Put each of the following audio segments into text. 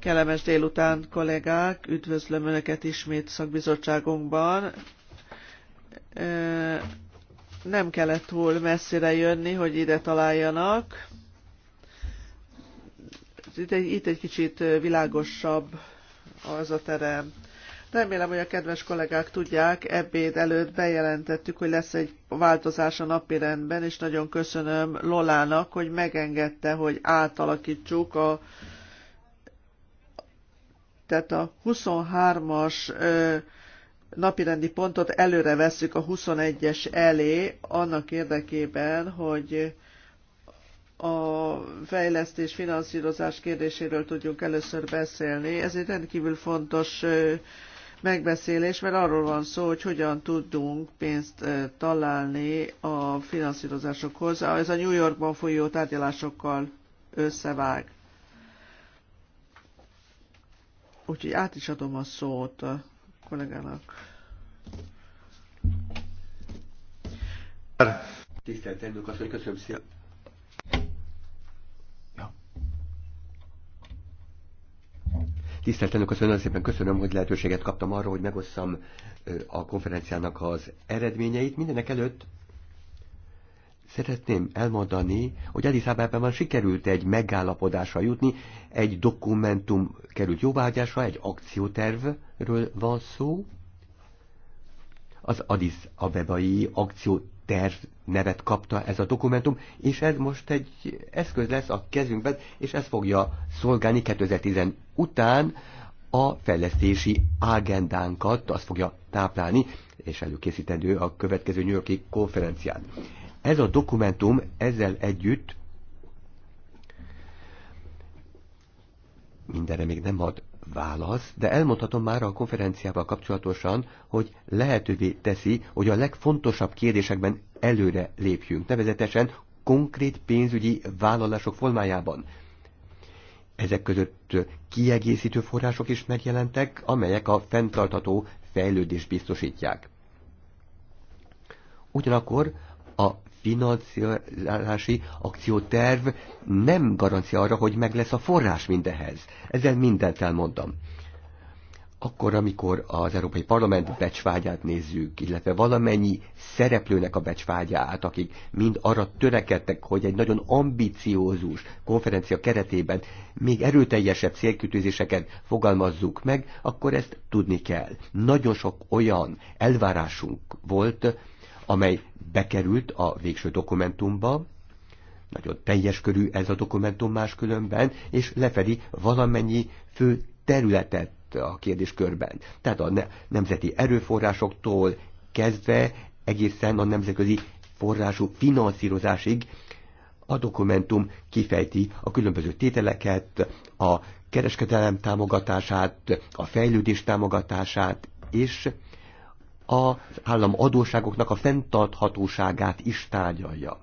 Kellemes délután, kollégák! Üdvözlöm Önöket ismét szakbizottságunkban. Nem kellett túl messzire jönni, hogy ide találjanak. Itt egy, itt egy kicsit világosabb az a terem. Remélem, hogy a kedves kollégák tudják, ebéd előtt bejelentettük, hogy lesz egy változás a napirendben, és nagyon köszönöm Lolának, hogy megengedte, hogy átalakítsuk a tehát a 23-as napirendi pontot előre vesszük a 21-es elé, annak érdekében, hogy a fejlesztés finanszírozás kérdéséről tudjunk először beszélni. Ez egy rendkívül fontos megbeszélés, mert arról van szó, hogy hogyan tudunk pénzt találni a finanszírozásokhoz. Ez a New Yorkban folyó tárgyalásokkal összevág. Úgyhogy át is adom a szót a kollégának. Tisztelt elnök köszönöm szépen. Tisztelt elnök, nagyon szépen köszönöm, hogy lehetőséget kaptam arra, hogy megosszam a konferenciának az eredményeit. Mindenek előtt szeretném elmondani, hogy Addis Abebában sikerült egy megállapodásra jutni, egy dokumentum került jóvágyásra, egy akciótervről van szó, az Addis Abebai akció terv nevet kapta ez a dokumentum, és ez most egy eszköz lesz a kezünkben, és ez fogja szolgálni 2010 után a fejlesztési agendánkat, azt fogja táplálni, és előkészítendő a következő New Yorki konferencián. Ez a dokumentum ezzel együtt mindenre még nem ad válasz, de elmondhatom már a konferenciával kapcsolatosan, hogy lehetővé teszi, hogy a legfontosabb kérdésekben előre lépjünk, nevezetesen konkrét pénzügyi vállalások formájában. Ezek között kiegészítő források is megjelentek, amelyek a fenntartató fejlődést biztosítják. Ugyanakkor a finanszírozási akcióterv nem garancia arra, hogy meg lesz a forrás mindehez. Ezzel mindent elmondtam akkor, amikor az Európai Parlament becsvágyát nézzük, illetve valamennyi szereplőnek a becsvágyát, akik mind arra törekedtek, hogy egy nagyon ambiciózus konferencia keretében még erőteljesebb célkütőzéseket fogalmazzuk meg, akkor ezt tudni kell. Nagyon sok olyan elvárásunk volt, amely bekerült a végső dokumentumba, nagyon teljes körű ez a dokumentum máskülönben, és lefedi valamennyi fő területet a kérdéskörben. Tehát a nemzeti erőforrásoktól kezdve egészen a nemzetközi forrású finanszírozásig a dokumentum kifejti a különböző tételeket, a kereskedelem támogatását, a fejlődés támogatását, és az állam adóságoknak a fenntarthatóságát is tárgyalja.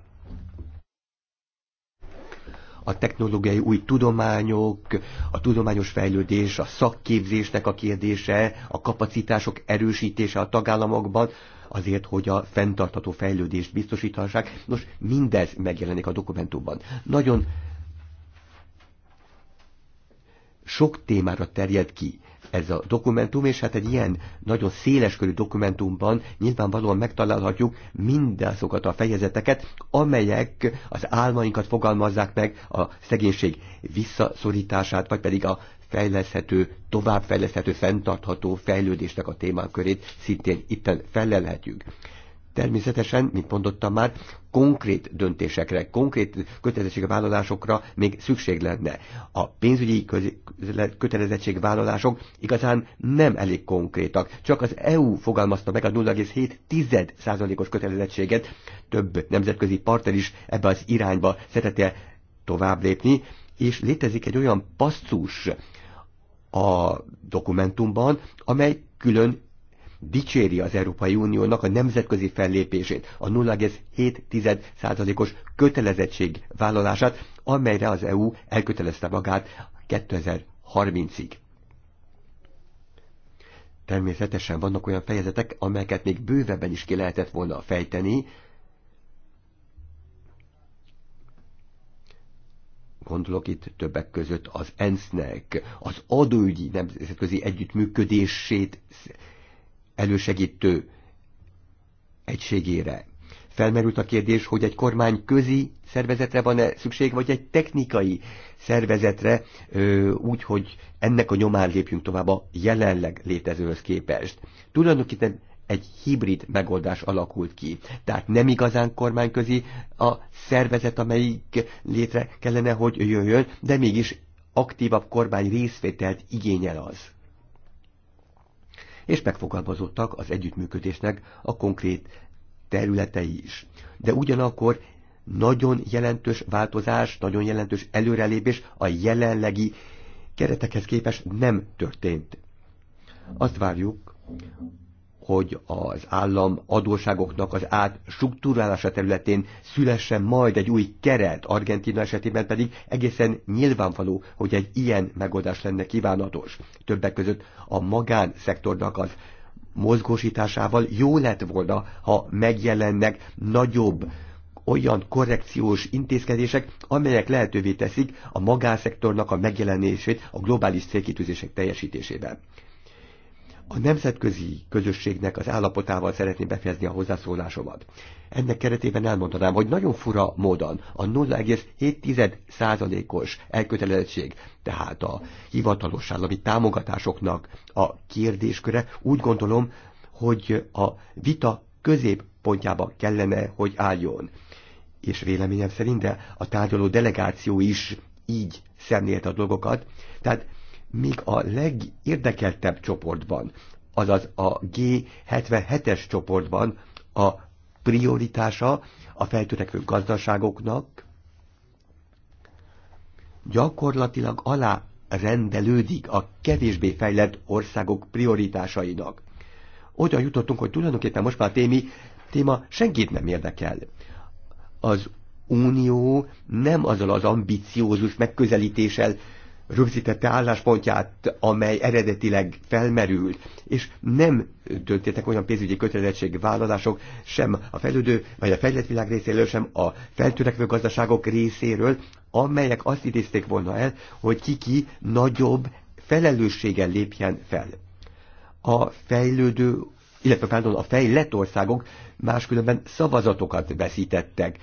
A technológiai új tudományok, a tudományos fejlődés, a szakképzésnek a kérdése, a kapacitások erősítése a tagállamokban, azért, hogy a fenntartható fejlődést biztosíthassák. Nos, mindez megjelenik a dokumentumban. Nagyon sok témára terjed ki ez a dokumentum, és hát egy ilyen nagyon széleskörű dokumentumban nyilvánvalóan megtalálhatjuk mindazokat a fejezeteket, amelyek az álmainkat fogalmazzák meg, a szegénység visszaszorítását, vagy pedig a fejleszthető, továbbfejleszthető, fenntartható fejlődésnek a témán körét szintén itten felelhetjük természetesen, mint mondottam már, konkrét döntésekre, konkrét kötelezettségvállalásokra még szükség lenne. A pénzügyi kötelezettségvállalások igazán nem elég konkrétak. Csak az EU fogalmazta meg a 0,7%-os kötelezettséget. Több nemzetközi partner is ebbe az irányba szeretne tovább lépni, és létezik egy olyan passzus a dokumentumban, amely külön dicséri az Európai Uniónak a nemzetközi fellépését, a 0,7%-os kötelezettség vállalását, amelyre az EU elkötelezte magát 2030-ig. Természetesen vannak olyan fejezetek, amelyeket még bővebben is ki lehetett volna fejteni, gondolok itt többek között az ENSZ-nek, az adóügyi nemzetközi együttműködését elősegítő egységére. Felmerült a kérdés, hogy egy kormány közi szervezetre van-e szükség, vagy egy technikai szervezetre, úgy, hogy ennek a nyomán lépjünk tovább a jelenleg létezőhöz képest. Tulajdonképpen egy hibrid megoldás alakult ki. Tehát nem igazán kormányközi a szervezet, amelyik létre kellene, hogy jöjjön, de mégis aktívabb kormány részvételt igényel az és megfogalmazottak az együttműködésnek a konkrét területei is. De ugyanakkor nagyon jelentős változás, nagyon jelentős előrelépés a jelenlegi keretekhez képest nem történt. Azt várjuk, hogy az állam adóságoknak az átstruktúrálása területén szülessen majd egy új keret, Argentina esetében pedig egészen nyilvánvaló, hogy egy ilyen megoldás lenne kívánatos. Többek között a magánszektornak az mozgósításával jó lett volna, ha megjelennek nagyobb olyan korrekciós intézkedések, amelyek lehetővé teszik a magánszektornak a megjelenését a globális célkitűzések teljesítésében a nemzetközi közösségnek az állapotával szeretném befejezni a hozzászólásomat. Ennek keretében elmondanám, hogy nagyon fura módon a 0,7%-os elkötelezettség, tehát a hivatalos állami támogatásoknak a kérdésköre úgy gondolom, hogy a vita középpontjába kellene, hogy álljon. És véleményem szerint, de a tárgyaló delegáció is így szemlélte a dolgokat. Tehát míg a legérdekeltebb csoportban, azaz a G77-es csoportban a prioritása a feltörekvő gazdaságoknak gyakorlatilag alá rendelődik a kevésbé fejlett országok prioritásainak. Oda jutottunk, hogy tulajdonképpen most már a témi, téma senkit nem érdekel. Az Unió nem azzal az ambiciózus megközelítéssel rögzítette álláspontját, amely eredetileg felmerült, és nem történtek olyan pénzügyi kötelezettségvállalások sem a fejlődő vagy a fejlett világ részéről, sem a feltörekvő gazdaságok részéről, amelyek azt idézték volna el, hogy kiki nagyobb felelősséggel lépjen fel. A fejlődő, illetve pardon, a fejlett országok máskülönben szavazatokat veszítettek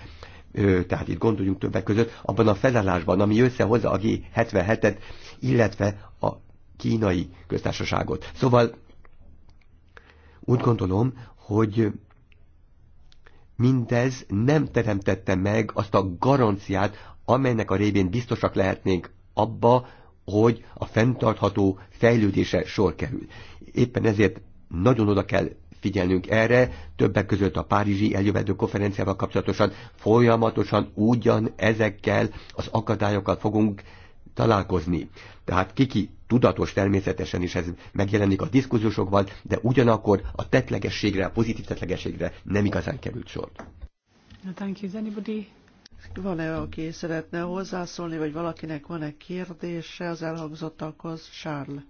tehát itt gondoljunk többek között, abban a felállásban, ami összehozza a G77-et, illetve a kínai köztársaságot. Szóval úgy gondolom, hogy mindez nem teremtette meg azt a garanciát, amelynek a révén biztosak lehetnénk abba, hogy a fenntartható fejlődése sor kerül. Éppen ezért nagyon oda kell figyelnünk erre, többek között a Párizsi eljövedő konferenciával kapcsolatosan folyamatosan ugyan ezekkel az akadályokkal fogunk találkozni. Tehát kiki tudatos természetesen, is ez megjelenik a diszkuzusokban, de ugyanakkor a tetlegességre, a pozitív tetlegességre nem igazán került sor. Thank you. Anybody? Van-e, aki szeretne hozzászólni, vagy valakinek van-e kérdése az elhangzottakhoz? Charles.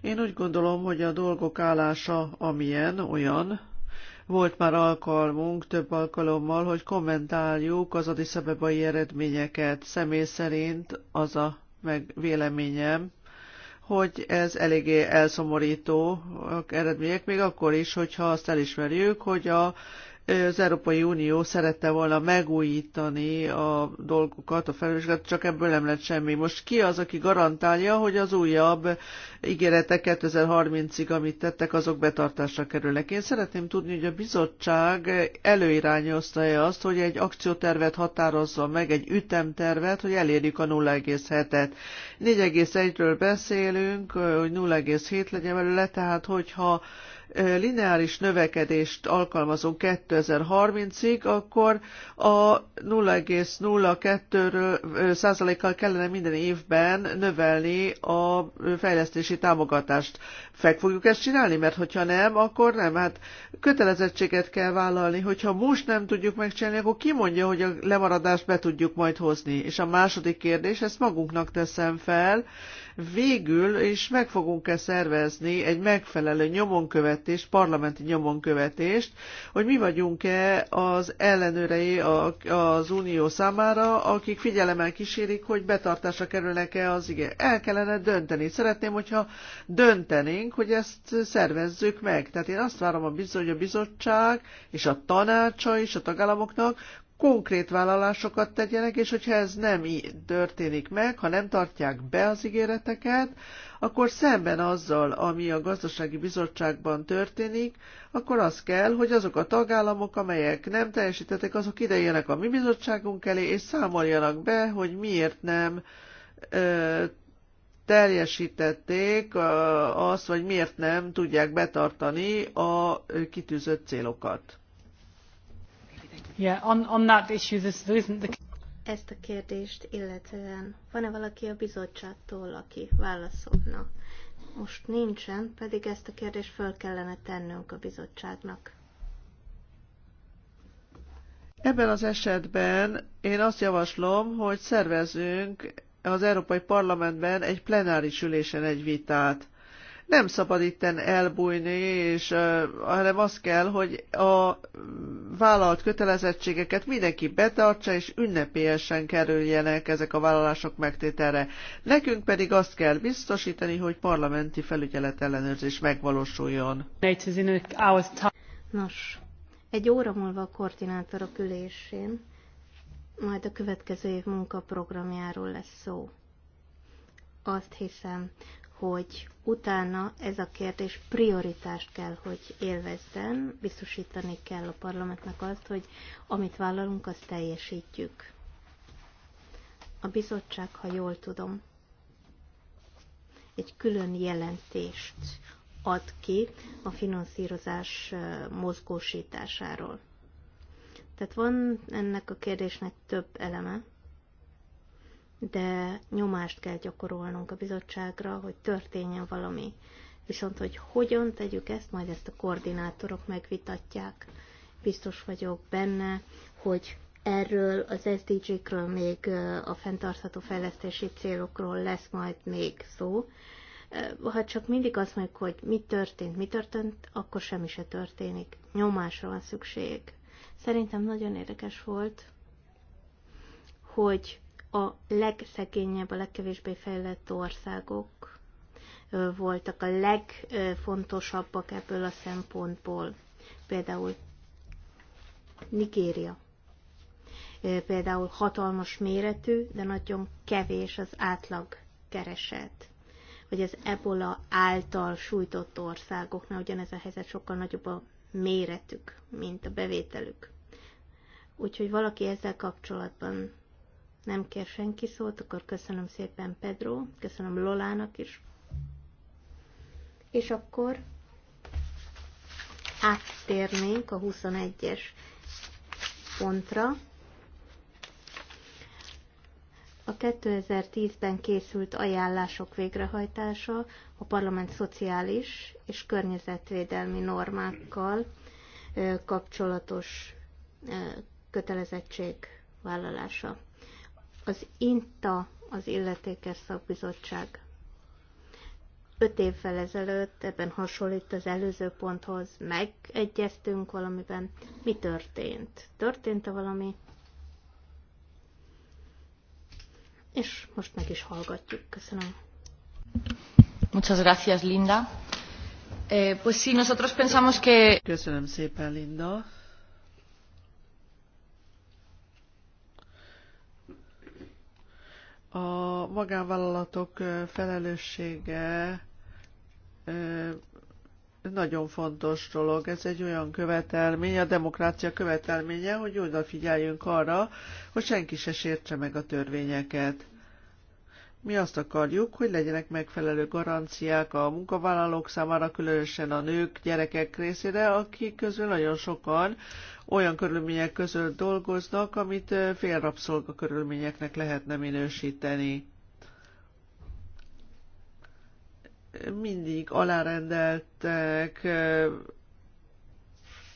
Én úgy gondolom, hogy a dolgok állása amilyen, olyan, volt már alkalmunk több alkalommal, hogy kommentáljuk az Addis eredményeket. Személy szerint az a meg véleményem, hogy ez eléggé elszomorító eredmények, még akkor is, hogyha azt elismerjük, hogy a az Európai Unió szerette volna megújítani a dolgokat, a felelősséget, csak ebből nem lett semmi. Most ki az, aki garantálja, hogy az újabb ígéretek 2030-ig, amit tettek, azok betartásra kerülnek? Én szeretném tudni, hogy a bizottság előirányozta-e azt, hogy egy akciótervet határozza meg, egy ütemtervet, hogy elérjük a 0,7-et. 4,1-ről beszélünk, hogy 0,7 legyen belőle, tehát hogyha lineáris növekedést alkalmazunk 2030-ig, akkor a 0,02 százalékkal kellene minden évben növelni a fejlesztési támogatást. Fek fogjuk ezt csinálni, mert hogyha nem, akkor nem. Hát kötelezettséget kell vállalni, hogyha most nem tudjuk megcsinálni, akkor ki mondja, hogy a lemaradást be tudjuk majd hozni. És a második kérdés, ezt magunknak teszem fel, végül is meg fogunk-e szervezni egy megfelelő nyomonkövetést, parlamenti nyomonkövetést, hogy mi vagyunk-e az ellenőrei az unió számára, akik figyelemmel kísérik, hogy betartásra kerülnek-e az igen. El kellene dönteni. Szeretném, hogyha döntenénk, hogy ezt szervezzük meg. Tehát én azt várom, a bizony, hogy a bizottság és a tanácsa is a tagállamoknak konkrét vállalásokat tegyenek, és hogyha ez nem így történik meg, ha nem tartják be az ígéreteket, akkor szemben azzal, ami a gazdasági bizottságban történik, akkor az kell, hogy azok a tagállamok, amelyek nem teljesítettek, azok idejönnek a mi bizottságunk elé, és számoljanak be, hogy miért nem ö, teljesítették azt, vagy miért nem tudják betartani a kitűzött célokat. Ezt a kérdést illetően van-e valaki a bizottságtól, aki válaszolna? Most nincsen, pedig ezt a kérdést föl kellene tennünk a bizottságnak. Ebben az esetben én azt javaslom, hogy szervezünk az Európai Parlamentben egy plenáris ülésen egy vitát nem szabad itten elbújni, és, hanem az kell, hogy a vállalt kötelezettségeket mindenki betartsa, és ünnepélyesen kerüljenek ezek a vállalások megtételre. Nekünk pedig azt kell biztosítani, hogy parlamenti felügyelet ellenőrzés megvalósuljon. Nos, egy óra múlva a koordinátorok ülésén majd a következő év munkaprogramjáról lesz szó. Azt hiszem, hogy utána ez a kérdés prioritást kell, hogy élvezzen, biztosítani kell a parlamentnek azt, hogy amit vállalunk, azt teljesítjük. A bizottság, ha jól tudom, egy külön jelentést ad ki a finanszírozás mozgósításáról. Tehát van ennek a kérdésnek több eleme, de nyomást kell gyakorolnunk a bizottságra, hogy történjen valami. Viszont, hogy hogyan tegyük ezt, majd ezt a koordinátorok megvitatják. Biztos vagyok benne, hogy erről az SDG-kről, még a fenntartható fejlesztési célokról lesz majd még szó. Ha csak mindig azt mondjuk, hogy mi történt, mi történt, akkor semmi se történik. Nyomásra van szükség. Szerintem nagyon érdekes volt, hogy a legszegényebb, a legkevésbé fejlett országok voltak a legfontosabbak ebből a szempontból. Például Nigéria. Például hatalmas méretű, de nagyon kevés az átlag kereset. Vagy az ebola által sújtott országoknál ugyanez a helyzet sokkal nagyobb a méretük, mint a bevételük. Úgyhogy valaki ezzel kapcsolatban nem kér senki szót, akkor köszönöm szépen Pedro, köszönöm Lolának is. És akkor áttérnénk a 21-es pontra. A 2010-ben készült ajánlások végrehajtása a parlament szociális és környezetvédelmi normákkal kapcsolatos kötelezettség vállalása. Az INTA, az Illetékes Szakbizottság. Öt évvel ezelőtt, ebben hasonlít az előző ponthoz, megegyeztünk valamiben. Mi történt? Történt-e valami? És most meg is hallgatjuk. Köszönöm. Muchas gracias, Linda. Eh, pues sí, nosotros pensamos que... Köszönöm szépen, Linda A magánvállalatok felelőssége nagyon fontos dolog. Ez egy olyan követelmény, a demokrácia követelménye, hogy odafigyeljünk figyeljünk arra, hogy senki se sértse meg a törvényeket. Mi azt akarjuk, hogy legyenek megfelelő garanciák a munkavállalók számára, különösen a nők, gyerekek részére, akik közül nagyon sokan olyan körülmények között dolgoznak, amit félrabszolga körülményeknek lehetne minősíteni. Mindig alárendeltek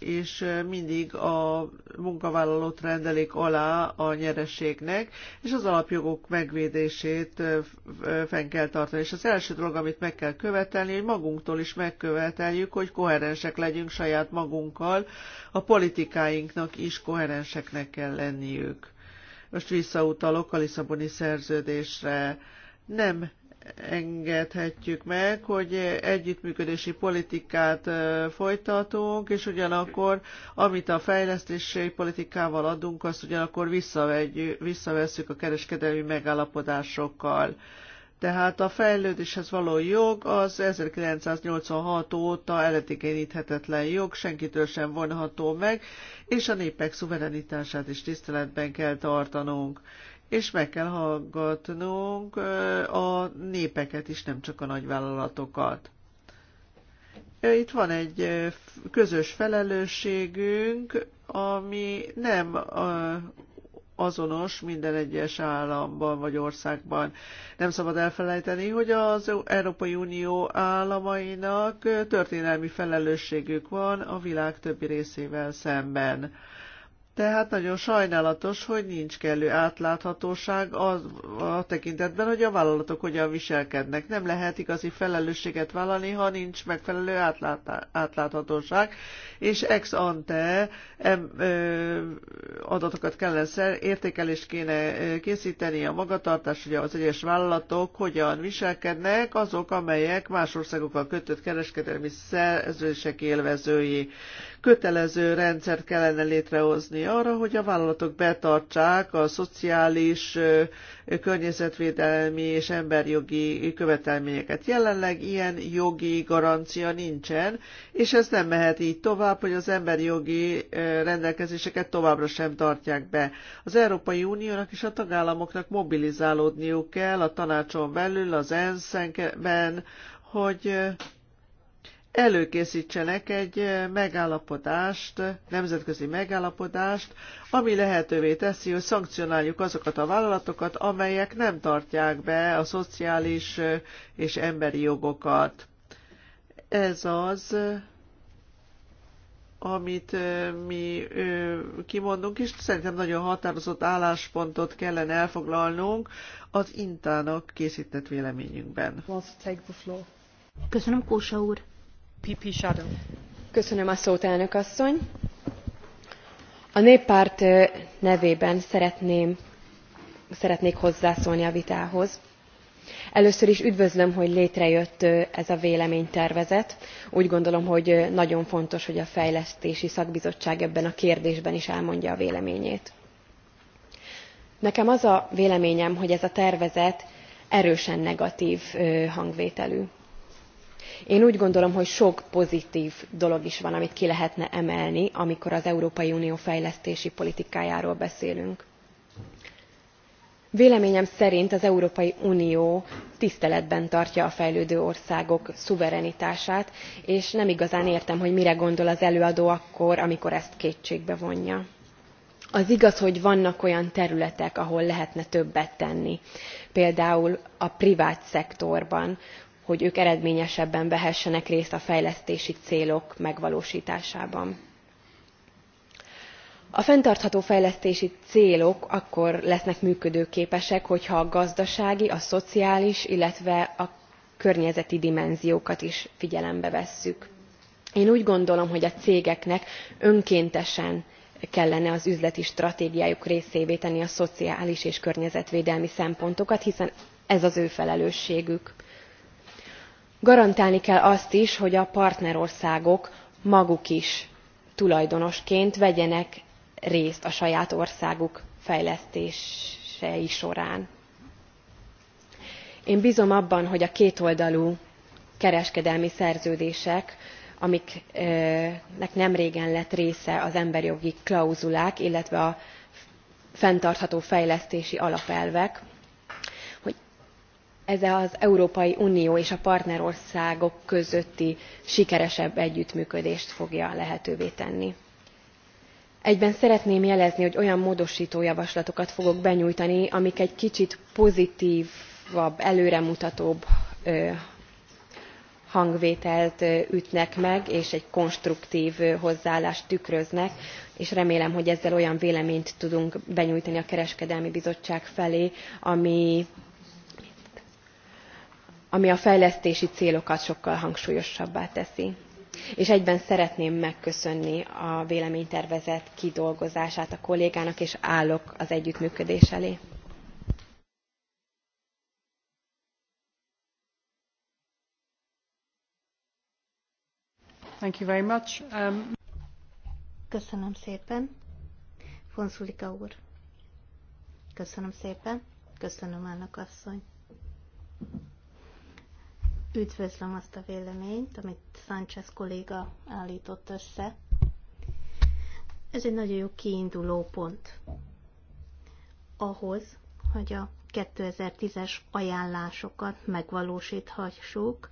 és mindig a munkavállalót rendelik alá a nyereségnek, és az alapjogok megvédését fenn kell tartani. És az első dolog, amit meg kell követelni, hogy magunktól is megköveteljük, hogy koherensek legyünk saját magunkkal, a politikáinknak is koherenseknek kell lenniük. Most visszautalok a Lisszaboni szerződésre. Nem engedhetjük meg, hogy együttműködési politikát folytatunk, és ugyanakkor, amit a fejlesztési politikával adunk, azt ugyanakkor visszavesszük a kereskedelmi megállapodásokkal. Tehát a fejlődéshez való jog az 1986 óta eletigéníthetetlen jog, senkitől sem vonható meg, és a népek szuverenitását is tiszteletben kell tartanunk és meg kell hallgatnunk a népeket is, nem csak a nagyvállalatokat. Itt van egy közös felelősségünk, ami nem azonos minden egyes államban vagy országban. Nem szabad elfelejteni, hogy az Európai Unió államainak történelmi felelősségük van a világ többi részével szemben. Tehát nagyon sajnálatos, hogy nincs kellő átláthatóság az, a tekintetben, hogy a vállalatok hogyan viselkednek. Nem lehet igazi felelősséget vállalni, ha nincs megfelelő átlát, átláthatóság, és ex ante em, ö, adatokat kellene szer, értékelést kéne készíteni a magatartás, hogy az egyes vállalatok hogyan viselkednek, azok, amelyek más országokkal kötött kereskedelmi szerződések élvezői kötelező rendszert kellene létrehozni arra, hogy a vállalatok betartsák a szociális, környezetvédelmi és emberjogi követelményeket. Jelenleg ilyen jogi garancia nincsen, és ez nem mehet így tovább, hogy az emberjogi rendelkezéseket továbbra sem tartják be. Az Európai Uniónak és a tagállamoknak mobilizálódniuk kell a tanácson belül, az ENSZ-ben, hogy előkészítsenek egy eh, megállapodást, nemzetközi megállapodást, ami lehetővé teszi, hogy szankcionáljuk azokat a vállalatokat, amelyek nem tartják be a szociális eh, és emberi jogokat. Ez az, eh, amit mi kimondunk, és szerintem nagyon határozott álláspontot kellene elfoglalnunk az Intának készített véleményünkben. Köszönöm, Kósa úr! a néppárt nevében szeretnék hozzászólni a vitához. először is üdvözlöm hogy létrejött ez a véleménytervezet úgy gondolom hogy nagyon fontos hogy a fejlesztési szakbizottság ebben a kérdésben is elmondja a véleményét. nekem az a véleményem hogy ez a tervezet erősen negatv hangvételű én úgy gondolom hogy sok pozitv dolog is van amit ki lehetne emelni amikor az európai unió fejlesztési politikájáról beszélünk. véleményem szerint az európai unió tiszteletben tartja a fejlődő országok szuverenitását és nem igazán értem hogy mire gondol az előadó akkor amikor ezt kétségbe vonja. az igaz hogy vannak olyan területek ahol lehetne többet tenni például a privát szektorban hogy ők eredményesebben vehessenek részt a fejlesztési célok megvalósításában. A fenntartható fejlesztési célok akkor lesznek működőképesek, hogyha a gazdasági, a szociális, illetve a környezeti dimenziókat is figyelembe vesszük. Én úgy gondolom, hogy a cégeknek önkéntesen kellene az üzleti stratégiájuk részévé tenni a szociális és környezetvédelmi szempontokat, hiszen ez az ő felelősségük garantálni kell azt is hogy a partnerországok maguk is tulajdonosként vegyenek részt a saját országuk fejlesztései során. én bzom abban hogy a kétoldalú kereskedelmi szerződések amiknek nemrégen lett része az emberi jogi klauzulák illetve a fenntartható fejlesztési alapelvek ez az európai unió és a partnerországok közötti sikeresebb együttműködést fogja lehetővé tenni. egyben szeretném jelezni hogy olyan módostó javaslatokat fogok benyújtani amik egy kicsit pozitvabb előremutatóbb hangvételt ütnek meg és egy konstruktv hozzáállást tükröznek és remélem hogy ezzel olyan véleményt tudunk benyújtani a kereskedelmi bizottság felé ami ami a fejlesztési célokat sokkal hangsúlyosabbá teszi és egyben szeretném megköszönni a véleménytervezet kidolgozását a kollégának és állok az együttműködés elé. Thank you very much. Um... Köszönöm szépen. Fonszulika úr. Köszönöm szépen. Köszönöm, elnök asszony. Üdvözlöm azt a véleményt, amit Sánchez kolléga állított össze. Ez egy nagyon jó kiinduló pont ahhoz, hogy a 2010-es ajánlásokat megvalósíthassuk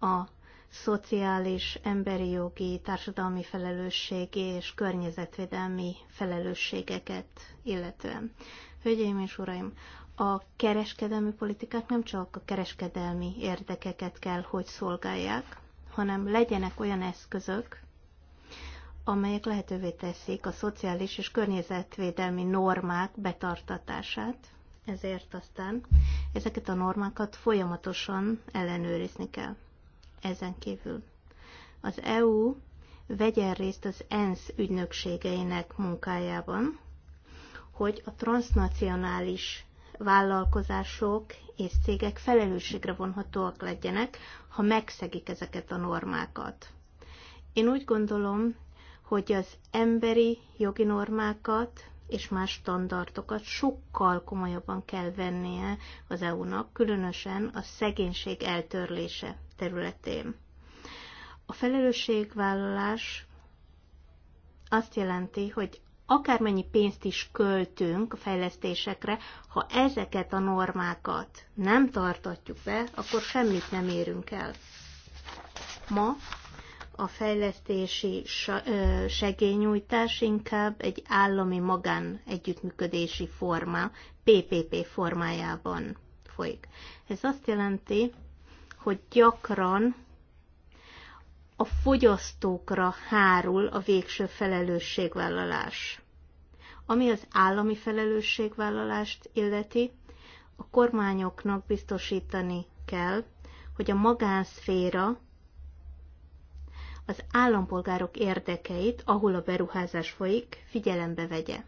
a szociális, emberi jogi, társadalmi felelősségi és környezetvédelmi felelősségeket illetően. Hölgyeim és uraim, a kereskedelmi politikák nem csak a kereskedelmi érdekeket kell, hogy szolgálják, hanem legyenek olyan eszközök, amelyek lehetővé teszik a szociális és környezetvédelmi normák betartatását, ezért aztán ezeket a normákat folyamatosan ellenőrizni kell. Ezen kívül az EU vegyen részt az ENSZ ügynökségeinek munkájában, hogy a transnacionális vállalkozások és cégek felelősségre vonhatóak legyenek, ha megszegik ezeket a normákat. Én úgy gondolom, hogy az emberi jogi normákat és más standardokat sokkal komolyabban kell vennie az EU-nak, különösen a szegénység eltörlése területén. A felelősségvállalás azt jelenti, hogy akármennyi pénzt is költünk a fejlesztésekre, ha ezeket a normákat nem tartatjuk be, akkor semmit nem érünk el. Ma a fejlesztési segélynyújtás inkább egy állami magán együttműködési forma PPP formájában folyik. Ez azt jelenti, hogy gyakran a fogyasztókra hárul a végső felelősségvállalás. Ami az állami felelősségvállalást illeti, a kormányoknak biztosítani kell, hogy a magánszféra az állampolgárok érdekeit, ahol a beruházás folyik, figyelembe vegye.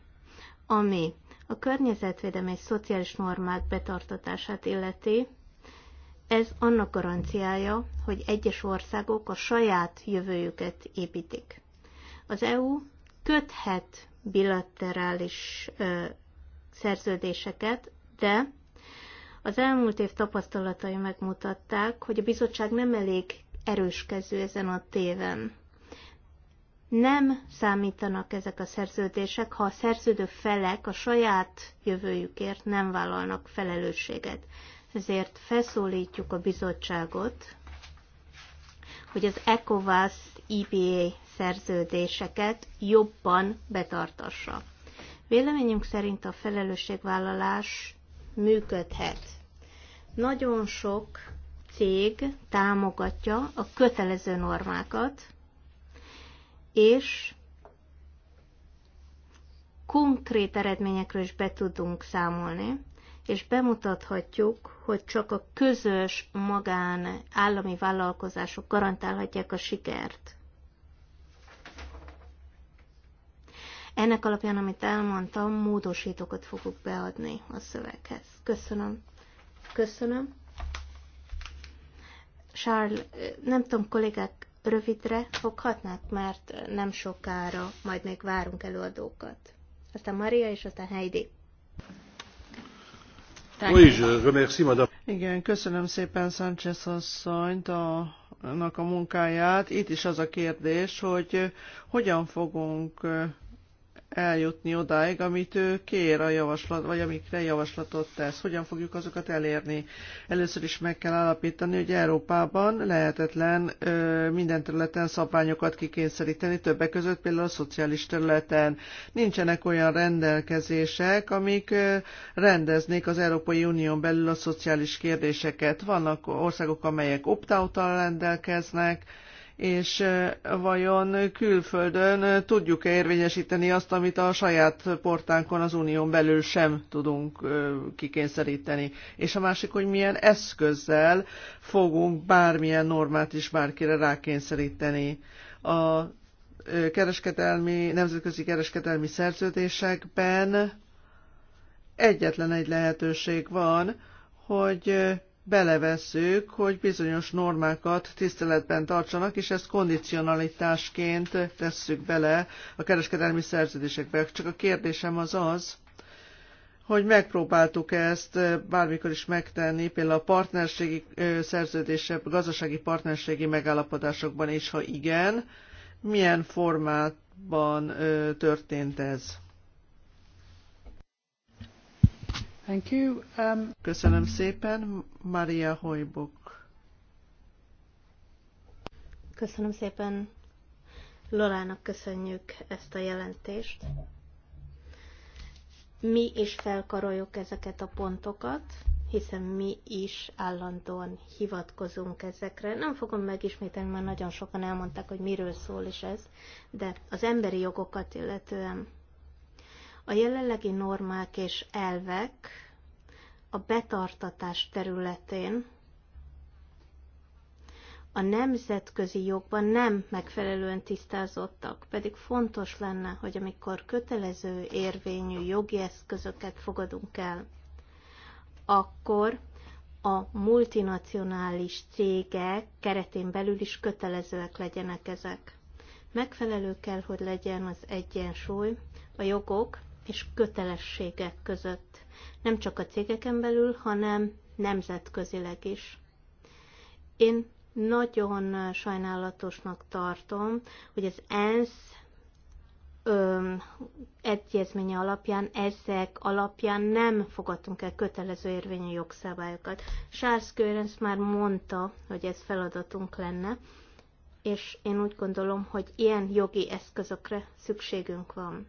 Ami a környezetvédelmi és szociális normák betartatását illeti, ez annak garanciája, hogy egyes országok a saját jövőjüket építik. Az EU köthet bilaterális ö, szerződéseket, de az elmúlt év tapasztalatai megmutatták, hogy a bizottság nem elég erőskező ezen a téven. Nem számítanak ezek a szerződések, ha a szerződő felek a saját jövőjükért nem vállalnak felelősséget. Ezért felszólítjuk a bizottságot, hogy az ECOWAS IPA e szerződéseket jobban betartassa. Véleményünk szerint a felelősségvállalás működhet. Nagyon sok cég támogatja a kötelező normákat, és konkrét eredményekről is be tudunk számolni, és bemutathatjuk, hogy csak a közös magán állami vállalkozások garantálhatják a sikert. Ennek alapján, amit elmondtam, módosítókat fogok beadni a szöveghez. Köszönöm. Köszönöm. Charles, nem tudom, kollégák rövidre foghatnak, mert nem sokára majd még várunk előadókat. Aztán Maria és aztán Heidi. Oui, je remercie, madame. Igen, köszönöm szépen Sánchez asszonyt a, annak a munkáját. Itt is az a kérdés, hogy hogyan fogunk eljutni odáig, amit ő kér a javaslat, vagy amikre javaslatot tesz. Hogyan fogjuk azokat elérni? Először is meg kell állapítani, hogy Európában lehetetlen ö, minden területen szabványokat kikényszeríteni, többek között például a szociális területen. Nincsenek olyan rendelkezések, amik ö, rendeznék az Európai Unión belül a szociális kérdéseket. Vannak országok, amelyek opt-out-tal rendelkeznek, és vajon külföldön tudjuk-e érvényesíteni azt, amit a saját portánkon az unión belül sem tudunk kikényszeríteni. És a másik, hogy milyen eszközzel fogunk bármilyen normát is bárkire rákényszeríteni. A kereskedelmi, nemzetközi kereskedelmi szerződésekben egyetlen egy lehetőség van, hogy belevesszük, hogy bizonyos normákat tiszteletben tartsanak, és ezt kondicionalitásként tesszük bele a kereskedelmi szerződésekbe. Csak a kérdésem az az, hogy megpróbáltuk ezt bármikor is megtenni, például a partnerségi szerződések, gazdasági partnerségi megállapodásokban is, ha igen, milyen formátban történt ez? Thank you. Um... Köszönöm szépen, Maria Hojbuk. Köszönöm szépen, Lorának köszönjük ezt a jelentést. Mi is felkaroljuk ezeket a pontokat, hiszen mi is állandóan hivatkozunk ezekre. Nem fogom megismételni, mert nagyon sokan elmondták, hogy miről szól is ez, de az emberi jogokat illetően a jelenlegi normák és elvek a betartatás területén a nemzetközi jogban nem megfelelően tisztázottak, pedig fontos lenne, hogy amikor kötelező érvényű jogi eszközöket fogadunk el, akkor a multinacionális cégek keretén belül is kötelezőek legyenek ezek. Megfelelő kell, hogy legyen az egyensúly a jogok és kötelességek között, nem csak a cégeken belül, hanem nemzetközileg is. Én nagyon sajnálatosnak tartom, hogy az ENSZ ö, egyezménye alapján, ezek alapján nem fogadtunk el kötelező érvényű jogszabályokat. Charles Görens már mondta, hogy ez feladatunk lenne, és én úgy gondolom, hogy ilyen jogi eszközökre szükségünk van.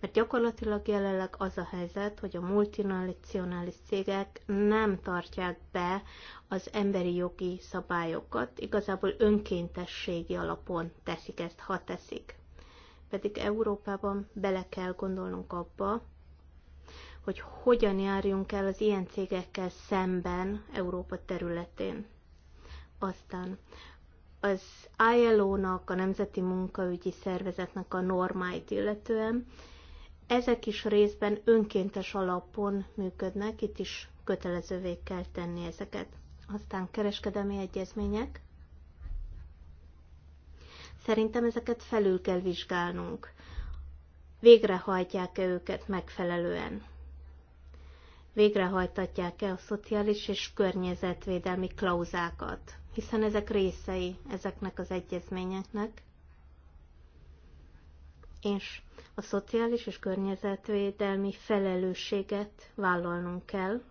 Mert gyakorlatilag jelenleg az a helyzet, hogy a multinacionális cégek nem tartják be az emberi jogi szabályokat, igazából önkéntességi alapon teszik ezt, ha teszik. Pedig Európában bele kell gondolnunk abba, hogy hogyan járjunk el az ilyen cégekkel szemben Európa területén. Aztán az ILO-nak, a Nemzeti Munkaügyi Szervezetnek a normáit illetően. Ezek is részben önkéntes alapon működnek, itt is kötelezővé kell tenni ezeket. Aztán kereskedelmi egyezmények. Szerintem ezeket felül kell vizsgálnunk. Végrehajtják-e őket megfelelően? Végrehajtatják-e a szociális és környezetvédelmi klauzákat? hiszen ezek részei ezeknek az egyezményeknek, és a szociális és környezetvédelmi felelősséget vállalnunk kell.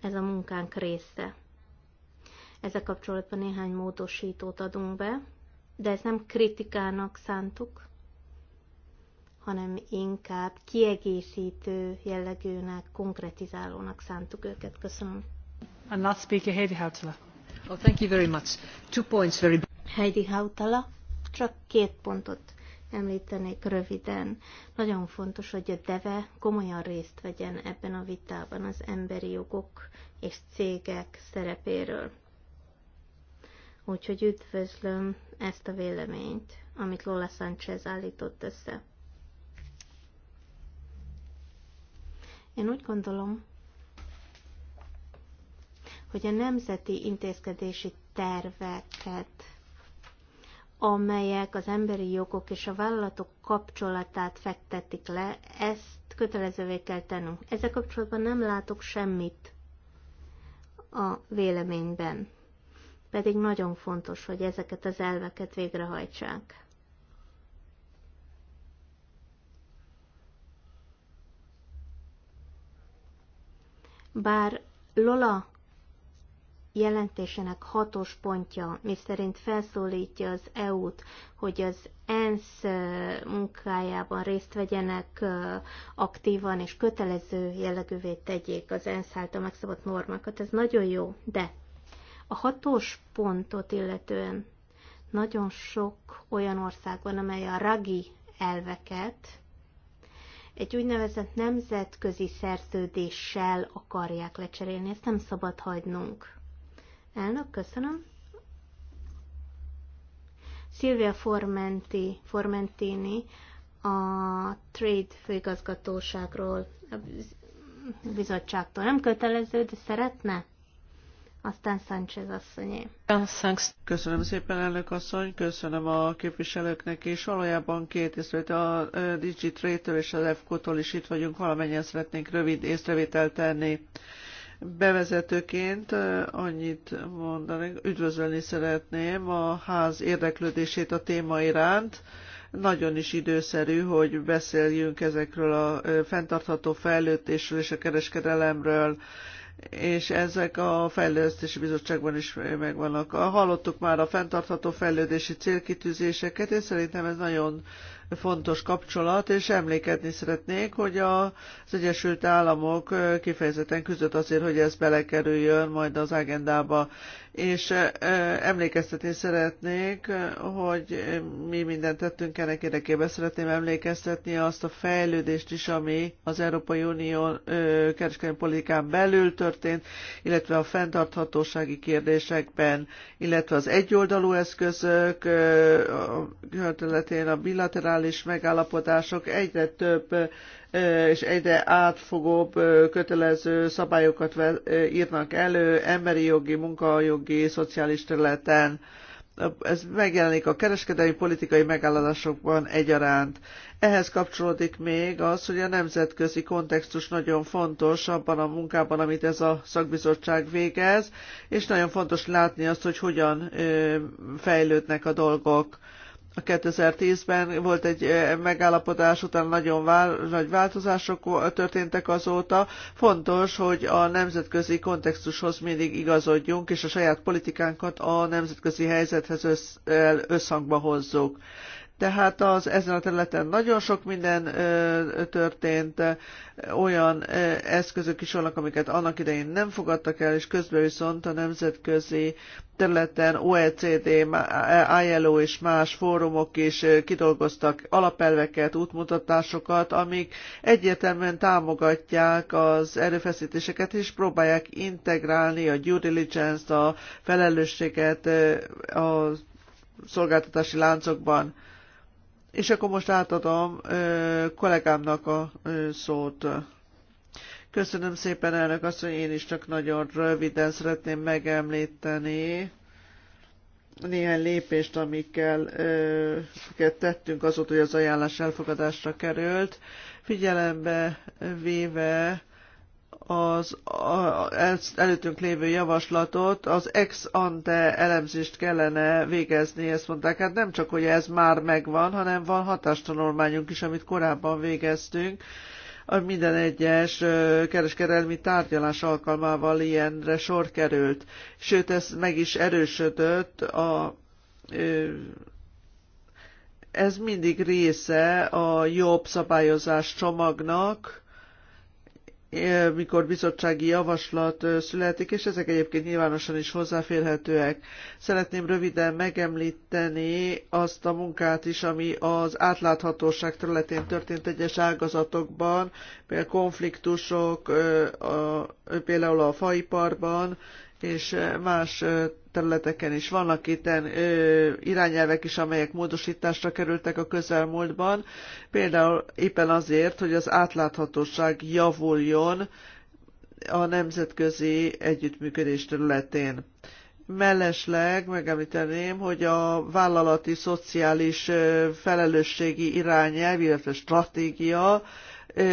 Ez a munkánk része. Ezzel kapcsolatban néhány módosítót adunk be, de ez nem kritikának szántuk, hanem inkább kiegészítő jellegűnek, konkretizálónak szántuk őket. Köszönöm oh, thank you very much. Two points very... Heidi Hautala, csak két pontot említenék röviden. Nagyon fontos, hogy a DEVE komolyan részt vegyen ebben a vitában az emberi jogok és cégek szerepéről. Úgyhogy üdvözlöm ezt a véleményt, amit Lola Sanchez állított össze. Én úgy gondolom, hogy a nemzeti intézkedési terveket, amelyek az emberi jogok és a vállalatok kapcsolatát fektetik le, ezt kötelezővé kell tennünk. Ezzel kapcsolatban nem látok semmit a véleményben, pedig nagyon fontos, hogy ezeket az elveket végrehajtsák. Bár Lola jelentésének hatos pontja, miszerint felszólítja az EU-t, hogy az ENSZ munkájában részt vegyenek aktívan és kötelező jellegűvé tegyék az ENSZ által megszabott normákat. Ez nagyon jó, de a hatos pontot illetően nagyon sok olyan ország van, amely a ragi elveket egy úgynevezett nemzetközi szerződéssel akarják lecserélni. Ezt nem szabad hagynunk. Elnök, köszönöm. Szilvia Formenti, Formentini a Trade főigazgatóságról, a bizottságtól nem kötelező, de szeretne? aztán Sánchez asszonyé. Köszönöm szépen, elnök asszony, köszönöm a képviselőknek és Valójában két észrevétel, a digitrate től és az EFKO-tól is itt vagyunk, valamennyien szeretnénk rövid észrevételt tenni. Bevezetőként annyit mondani, üdvözölni szeretném a ház érdeklődését a téma iránt. Nagyon is időszerű, hogy beszéljünk ezekről a fenntartható fejlődésről és a kereskedelemről és ezek a Fejlesztési Bizottságban is megvannak. Hallottuk már a fenntartható fejlődési célkitűzéseket, és szerintem ez nagyon fontos kapcsolat, és emlékezni szeretnék, hogy az Egyesült Államok kifejezetten küzdött azért, hogy ez belekerüljön majd az agendába, és emlékeztetni szeretnék, hogy mi mindent tettünk ennek érdekében. Szeretném emlékeztetni azt a fejlődést is, ami az Európai Unió kereskedelmi politikán belül történt, illetve a fenntarthatósági kérdésekben, illetve az egyoldalú eszközök, a területén a bilaterális bilaterális megállapodások egyre több és egyre átfogóbb kötelező szabályokat írnak elő emberi jogi, munkajogi, szociális területen ez megjelenik a kereskedelmi politikai megállapodásokban egyaránt. Ehhez kapcsolódik még az, hogy a nemzetközi kontextus nagyon fontos abban a munkában, amit ez a szakbizottság végez, és nagyon fontos látni azt, hogy hogyan fejlődnek a dolgok. 2010-ben volt egy eh, megállapodás, után nagyon vál, nagy változások történtek azóta. Fontos, hogy a nemzetközi kontextushoz mindig igazodjunk, és a saját politikánkat a nemzetközi helyzethez össz, összhangba hozzuk. Tehát az, ezen a területen nagyon sok minden ö, történt, olyan ö, eszközök is vannak, amiket annak idején nem fogadtak el, és közben viszont a nemzetközi területen OECD, ILO és más fórumok is kidolgoztak alapelveket, útmutatásokat, amik egyértelműen támogatják az erőfeszítéseket, és próbálják integrálni a due diligence-t, a felelősséget a szolgáltatási láncokban. És akkor most átadom kollégámnak a szót. Köszönöm szépen, elnök hogy én is csak nagyon röviden szeretném megemlíteni néhány lépést, amikkel ö, tettünk azóta, hogy az ajánlás elfogadásra került, figyelembe véve az előttünk lévő javaslatot, az ex ante elemzést kellene végezni, ezt mondták. Hát nem csak, hogy ez már megvan, hanem van hatástanulmányunk is, amit korábban végeztünk, minden egyes kereskedelmi tárgyalás alkalmával ilyenre sor került. Sőt, ez meg is erősödött a ez mindig része a jobb szabályozás csomagnak, mikor bizottsági javaslat születik, és ezek egyébként nyilvánosan is hozzáférhetőek. Szeretném röviden megemlíteni azt a munkát is, ami az átláthatóság területén történt egyes ágazatokban, például konfliktusok, például a faiparban, és más területeken is. Vannak itten irányelvek is, amelyek módosításra kerültek a közelmúltban, például éppen azért, hogy az átláthatóság javuljon a nemzetközi együttműködés területén. Mellesleg megemlíteném, hogy a vállalati szociális felelősségi irányelv, illetve stratégia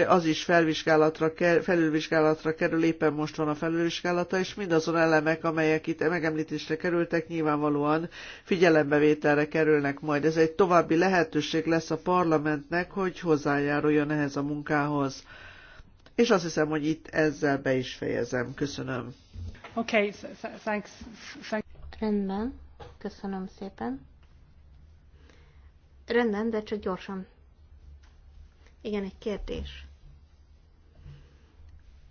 az is felvizsgálatra, felülvizsgálatra kerül, éppen most van a felülvizsgálata, és mindazon elemek, amelyek itt megemlítésre kerültek, nyilvánvalóan figyelembevételre kerülnek majd. Ez egy további lehetőség lesz a parlamentnek, hogy hozzájáruljon ehhez a munkához. És azt hiszem, hogy itt ezzel be is fejezem. Köszönöm. Okay, thanks. thanks. Rendben, köszönöm szépen. Rendben, de csak gyorsan igen, egy kérdés.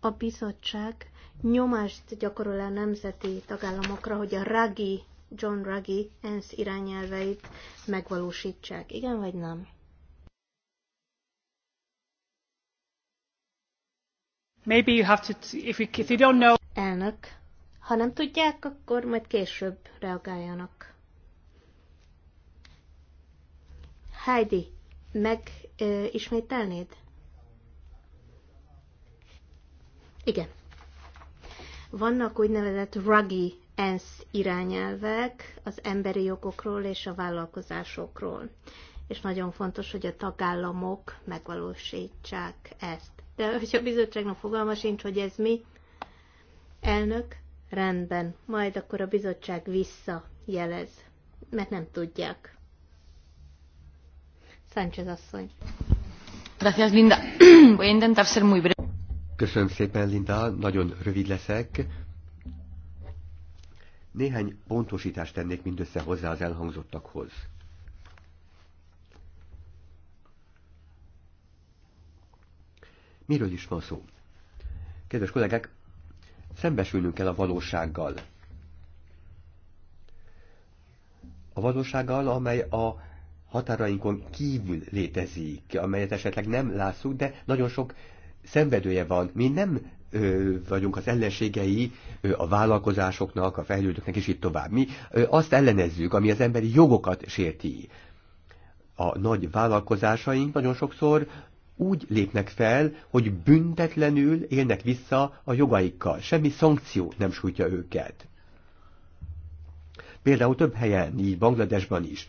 A bizottság nyomást gyakorol a nemzeti tagállamokra, hogy a RAGI, John RAGI ENSZ irányelveit megvalósítsák. Igen vagy nem? Maybe you have to, if you, if you don't know. Elnök, ha nem tudják, akkor majd később reagáljanak. Heidi, meg ö, ismételnéd? Igen. Vannak úgynevezett ruggy ENSZ irányelvek az emberi jogokról és a vállalkozásokról. És nagyon fontos, hogy a tagállamok megvalósítsák ezt. De hogyha a bizottságnak fogalma sincs, hogy ez mi, elnök, rendben, majd akkor a bizottság visszajelez, mert nem tudják. Sánchez asszony. Gracias, Linda. Voy a intentar ser muy breve. Köszönöm szépen, Linda, nagyon rövid leszek. Néhány pontosítást tennék mindössze hozzá az elhangzottakhoz. Miről is van szó? Kedves kollégák, szembesülnünk kell a valósággal. A valósággal, amely a határainkon kívül létezik, amelyet esetleg nem látszunk, de nagyon sok szenvedője van. Mi nem ö, vagyunk az ellenségei ö, a vállalkozásoknak, a fejlődőknek, és így tovább. Mi ö, azt ellenezzük, ami az emberi jogokat sérti. A nagy vállalkozásaink nagyon sokszor úgy lépnek fel, hogy büntetlenül élnek vissza a jogaikkal. Semmi szankció nem sújtja őket. Például több helyen, így Bangladesban is,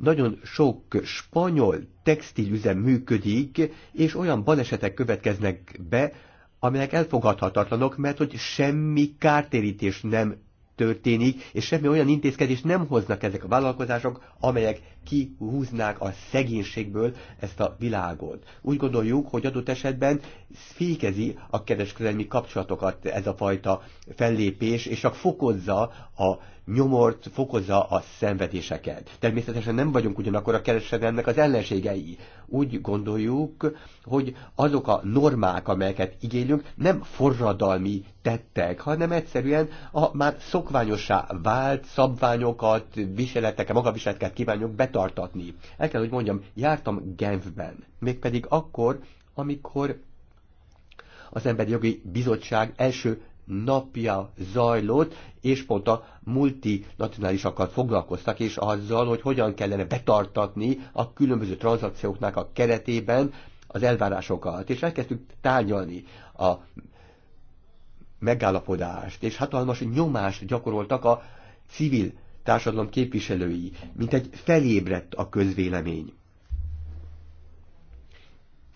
nagyon sok spanyol textilüzem működik, és olyan balesetek következnek be, amelyek elfogadhatatlanok, mert hogy semmi kártérítés nem történik, és semmi olyan intézkedést nem hoznak ezek a vállalkozások, amelyek kihúznák a szegénységből ezt a világot. Úgy gondoljuk, hogy adott esetben fékezi a kereskedelmi kapcsolatokat ez a fajta fellépés, és csak fokozza a nyomort, fokozza a szenvedéseket. Természetesen nem vagyunk ugyanakkor a kereskedelmnek az ellenségei. Úgy gondoljuk, hogy azok a normák, amelyeket igénylünk, nem forradalmi tettek, hanem egyszerűen a már szokványosá vált szabványokat, viseleteket, magaviseleteket kívánjuk betartatni. El kell, hogy mondjam, jártam Genfben, mégpedig akkor, amikor az Emberi Jogi Bizottság első napja zajlott, és pont a multinacionálisakat foglalkoztak, és azzal, hogy hogyan kellene betartatni a különböző tranzakcióknak a keretében az elvárásokat, és elkezdtük tárgyalni a megállapodást, és hatalmas nyomást gyakoroltak a civil társadalom képviselői, mint egy felébredt a közvélemény.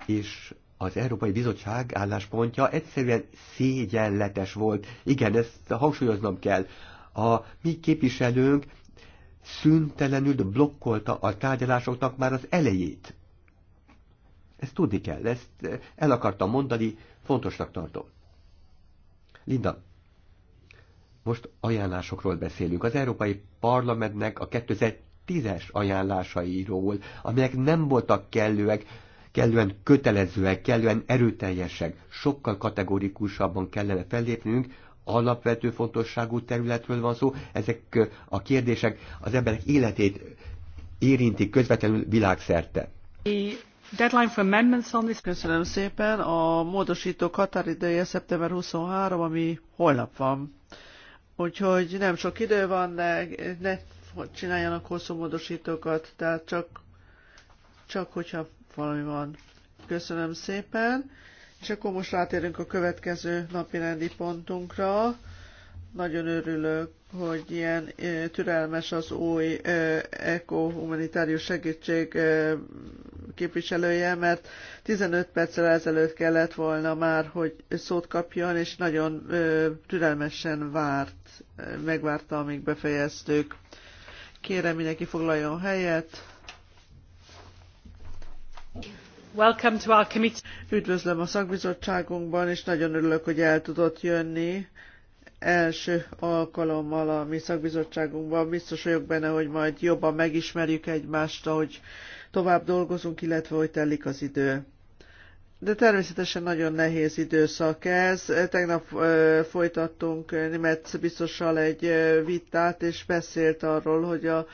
És az Európai Bizottság álláspontja egyszerűen szégyenletes volt. Igen, ezt hangsúlyoznom kell. A mi képviselőnk szüntelenül blokkolta a tárgyalásoknak már az elejét. Ezt tudni kell, ezt el akartam mondani, fontosnak tartom. Linda, most ajánlásokról beszélünk. Az Európai Parlamentnek a 2010-es ajánlásairól, amelyek nem voltak kellőek, kellően kötelezőek, kellően erőteljesek, sokkal kategórikusabban kellene fellépnünk, alapvető fontosságú területről van szó, ezek a kérdések az emberek életét érintik közvetlenül világszerte. Deadline for amendments on this... Köszönöm szépen. A módosítók határideje szeptember 23, ami holnap van. Úgyhogy nem sok idő van, de ne csináljanak hosszú módosítókat, tehát csak, csak hogyha valami van. Köszönöm szépen. És akkor most rátérünk a következő napi rendi pontunkra. Nagyon örülök, hogy ilyen türelmes az új EKO humanitárius segítség képviselője, mert 15 perccel ezelőtt kellett volna már, hogy szót kapjon, és nagyon türelmesen várt, megvárta, amíg befejeztük. Kérem, mindenki foglaljon helyet. Welcome to our committee. Üdvözlöm a szakbizottságunkban, és nagyon örülök, hogy el tudott jönni első alkalommal a mi szakbizottságunkban. Biztos vagyok benne, hogy majd jobban megismerjük egymást, ahogy tovább dolgozunk, illetve hogy telik az idő. De természetesen nagyon nehéz időszak ez. Tegnap folytattunk Nimetsz biztossal egy vitát, és beszélt arról, hogy a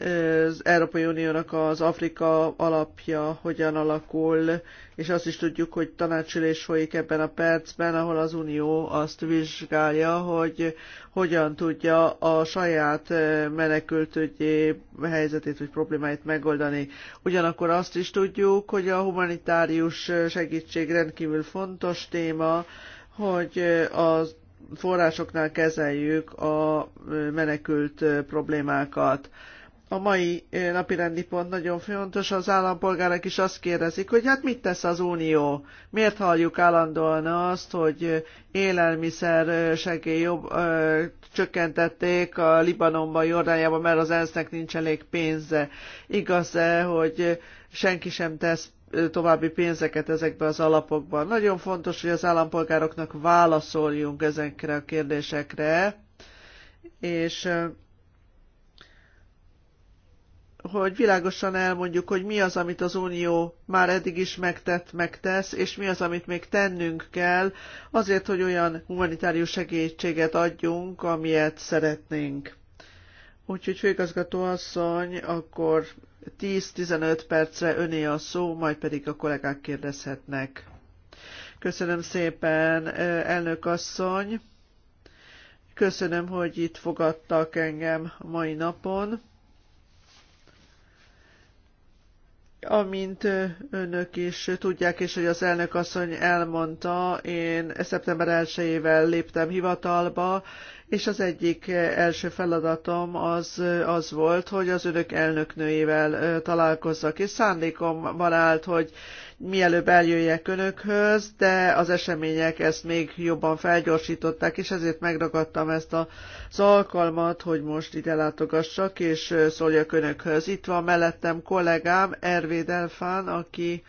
az Európai Uniónak az Afrika alapja hogyan alakul, és azt is tudjuk, hogy tanácsülés folyik ebben a percben, ahol az Unió azt vizsgálja, hogy hogyan tudja a saját eh, menekültügyi helyzetét vagy problémáit megoldani. Ugyanakkor azt is tudjuk, hogy a humanitárius segítség rendkívül fontos téma, hogy eh, az forrásoknál kezeljük a eh, menekült problémákat a mai napirendi pont nagyon fontos, az állampolgárok is azt kérdezik, hogy hát mit tesz az Unió? Miért halljuk állandóan azt, hogy élelmiszer segély jobb, ö, csökkentették a Libanonban, Jordániában, mert az ENSZ-nek nincs elég pénze. Igaz-e, hogy senki sem tesz további pénzeket ezekbe az alapokban. Nagyon fontos, hogy az állampolgároknak válaszoljunk ezekre a kérdésekre, és hogy világosan elmondjuk, hogy mi az, amit az Unió már eddig is megtett, megtesz, és mi az, amit még tennünk kell, azért, hogy olyan humanitárius segítséget adjunk, amilyet szeretnénk. Úgyhogy főigazgató asszony, akkor 10-15 percre öné a szó, majd pedig a kollégák kérdezhetnek. Köszönöm szépen, elnök asszony. Köszönöm, hogy itt fogadtak engem mai napon. Amint önök is tudják, és hogy az elnök asszony elmondta, én szeptember 1-ével léptem hivatalba, és az egyik első feladatom az, az volt, hogy az önök elnöknőjével találkozzak, és szándékom van állt, hogy mielőbb eljöjjek önökhöz, de az események ezt még jobban felgyorsították, és ezért megragadtam ezt az alkalmat, hogy most ide látogassak, és szóljak önökhöz. Itt van mellettem kollégám, Ervé Delfán, aki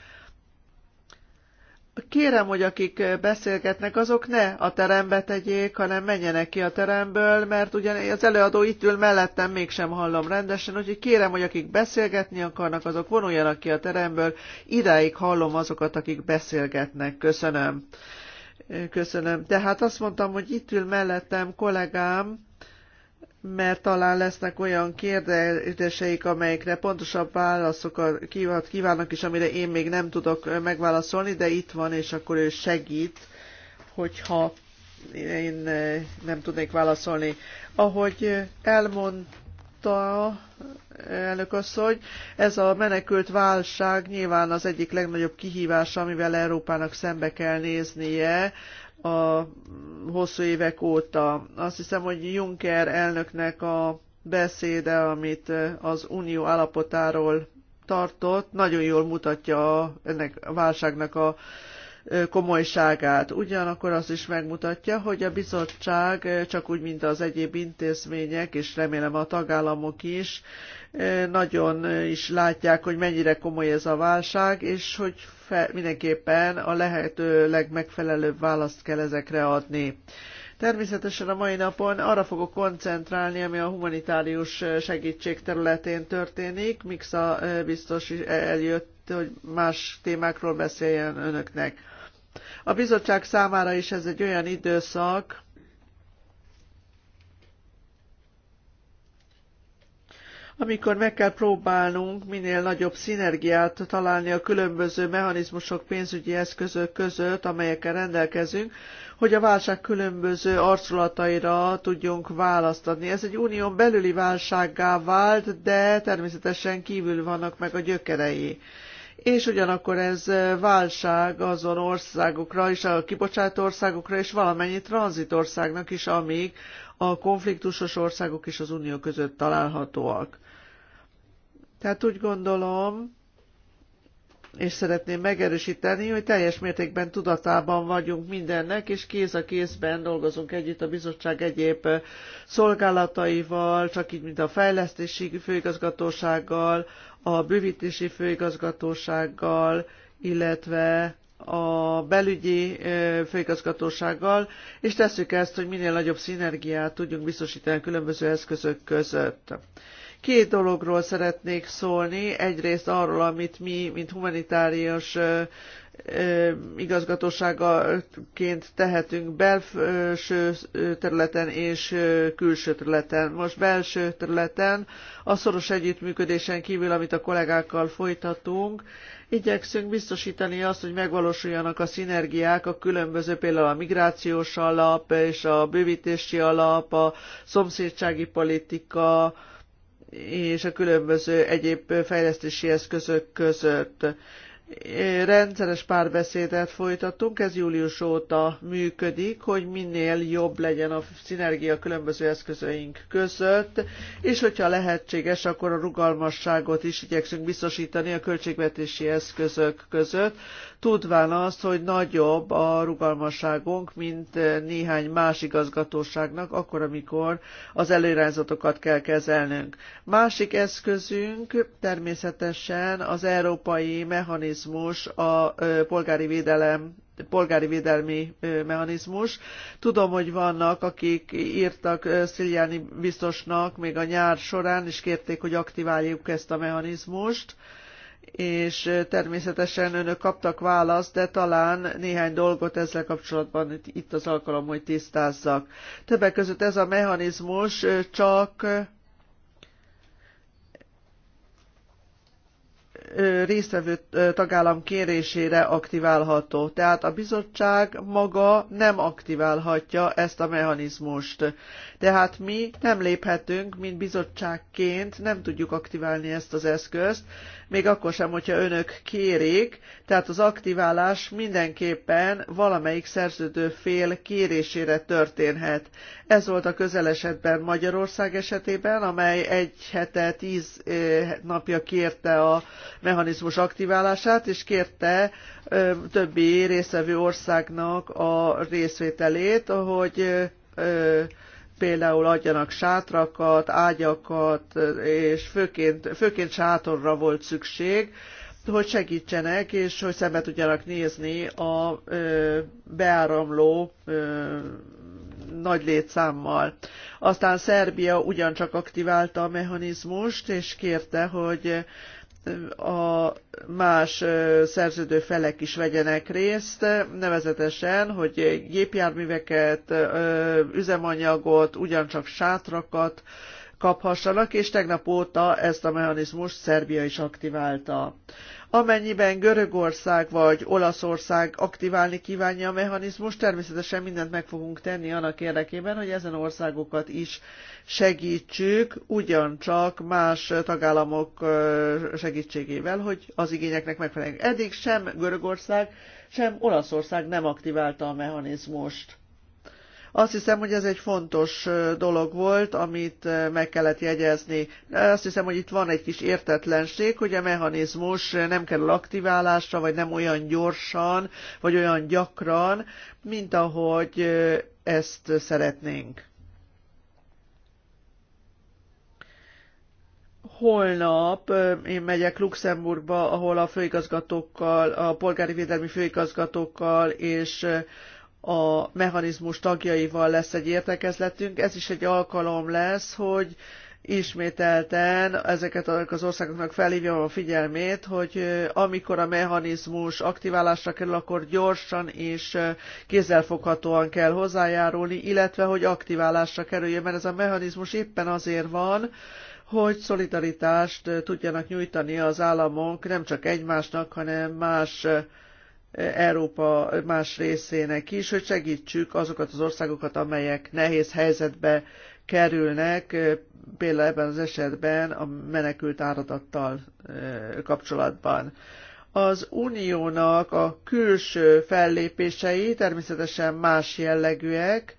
Kérem, hogy akik beszélgetnek, azok ne a terembe tegyék, hanem menjenek ki a teremből, mert ugyan az előadó itt ül mellettem, mégsem hallom rendesen, úgyhogy kérem, hogy akik beszélgetni akarnak, azok vonuljanak ki a teremből. Idáig hallom azokat, akik beszélgetnek. Köszönöm. Köszönöm. Tehát azt mondtam, hogy itt ül mellettem kollégám, mert talán lesznek olyan kérdéseik, amelyekre pontosabb válaszokat kívánnak és amire én még nem tudok megválaszolni, de itt van, és akkor ő segít, hogyha én nem tudnék válaszolni. Ahogy elmondta elnök asszony, ez a menekült válság nyilván az egyik legnagyobb kihívása, amivel Európának szembe kell néznie a hosszú évek óta. Azt hiszem, hogy Juncker elnöknek a beszéde, amit az unió állapotáról tartott, nagyon jól mutatja ennek a válságnak a komolyságát. Ugyanakkor az is megmutatja, hogy a bizottság, csak úgy, mint az egyéb intézmények, és remélem a tagállamok is, nagyon is látják, hogy mennyire komoly ez a válság, és hogy fe, mindenképpen a lehető legmegfelelőbb választ kell ezekre adni. Természetesen a mai napon arra fogok koncentrálni, ami a humanitárius segítség területén történik. Mixa biztos eljött, hogy más témákról beszéljen önöknek. A bizottság számára is ez egy olyan időszak, amikor meg kell próbálnunk minél nagyobb szinergiát találni a különböző mechanizmusok, pénzügyi eszközök között, amelyekkel rendelkezünk, hogy a válság különböző arculataira tudjunk választ adni. Ez egy unión belüli válsággá vált, de természetesen kívül vannak meg a gyökerei és ugyanakkor ez válság azon országokra és a kibocsátó országokra és valamennyi tranzitországnak is, amíg a konfliktusos országok és az unió között találhatóak. Tehát úgy gondolom, és szeretném megerősíteni, hogy teljes mértékben tudatában vagyunk mindennek, és kéz a kézben dolgozunk együtt a bizottság egyéb szolgálataival, csak így, mint a fejlesztési főigazgatósággal, a bővítési főigazgatósággal, illetve a belügyi főigazgatósággal, és tesszük ezt, hogy minél nagyobb szinergiát tudjunk biztosítani a különböző eszközök között. Két dologról szeretnék szólni. Egyrészt arról, amit mi, mint humanitárius igazgatóságaként tehetünk belső területen és külső területen. Most belső területen a szoros együttműködésen kívül, amit a kollégákkal folytatunk, igyekszünk biztosítani azt, hogy megvalósuljanak a szinergiák a különböző, például a migrációs alap és a bővítési alap, a szomszédsági politika, és a különböző egyéb fejlesztési eszközök között rendszeres párbeszédet folytattunk, ez július óta működik, hogy minél jobb legyen a szinergia különböző eszközöink között, és hogyha lehetséges, akkor a rugalmasságot is igyekszünk biztosítani a költségvetési eszközök között, tudván azt, hogy nagyobb a rugalmasságunk, mint néhány más igazgatóságnak, akkor, amikor az előirányzatokat kell kezelnünk. Másik eszközünk természetesen az európai mechanizmus, mechanizmus, a polgári védelem polgári védelmi mechanizmus. Tudom, hogy vannak, akik írtak Sziliáni biztosnak még a nyár során, és kérték, hogy aktiváljuk ezt a mechanizmust és természetesen önök kaptak választ, de talán néhány dolgot ezzel kapcsolatban itt az alkalom, hogy tisztázzak. Többek között ez a mechanizmus csak résztvevő tagállam kérésére aktiválható. Tehát a bizottság maga nem aktiválhatja ezt a mechanizmust. Tehát mi nem léphetünk, mint bizottságként nem tudjuk aktiválni ezt az eszközt, még akkor sem, hogyha önök kérik, tehát az aktiválás mindenképpen valamelyik szerződő fél kérésére történhet. Ez volt a közelesetben Magyarország esetében, amely egy hete, tíz eh, napja kérte a mechanizmus aktiválását, és kérte eh, többi részvevő országnak a részvételét, ahogy. Eh, például adjanak sátrakat, ágyakat, és főként, főként sátorra volt szükség, hogy segítsenek, és hogy szembe tudjanak nézni a ö, beáramló ö, nagy létszámmal. Aztán Szerbia ugyancsak aktiválta a mechanizmust, és kérte, hogy a más szerződő felek is vegyenek részt, nevezetesen, hogy gépjárműveket, üzemanyagot, ugyancsak sátrakat kaphassanak, és tegnap óta ezt a mechanizmust Szerbia is aktiválta. Amennyiben Görögország vagy Olaszország aktiválni kívánja a mechanizmust, természetesen mindent meg fogunk tenni annak érdekében, hogy ezen országokat is segítsük, ugyancsak más tagállamok segítségével, hogy az igényeknek megfeleljen. Eddig sem Görögország, sem Olaszország nem aktiválta a mechanizmust. Azt hiszem, hogy ez egy fontos dolog volt, amit meg kellett jegyezni. Azt hiszem, hogy itt van egy kis értetlenség, hogy a mechanizmus nem kerül aktiválásra, vagy nem olyan gyorsan, vagy olyan gyakran, mint ahogy ezt szeretnénk. holnap én megyek Luxemburgba, ahol a főigazgatókkal, a polgári védelmi főigazgatókkal és a mechanizmus tagjaival lesz egy értekezletünk. Ez is egy alkalom lesz, hogy ismételten ezeket az országoknak felhívjam a figyelmét, hogy amikor a mechanizmus aktiválásra kerül, akkor gyorsan és kézzelfoghatóan kell hozzájárulni, illetve hogy aktiválásra kerüljön, mert ez a mechanizmus éppen azért van, hogy szolidaritást tudjanak nyújtani az államok nem csak egymásnak, hanem más Európa más részének is, hogy segítsük azokat az országokat, amelyek nehéz helyzetbe kerülnek, például ebben az esetben a menekült áradattal kapcsolatban. Az uniónak a külső fellépései természetesen más jellegűek,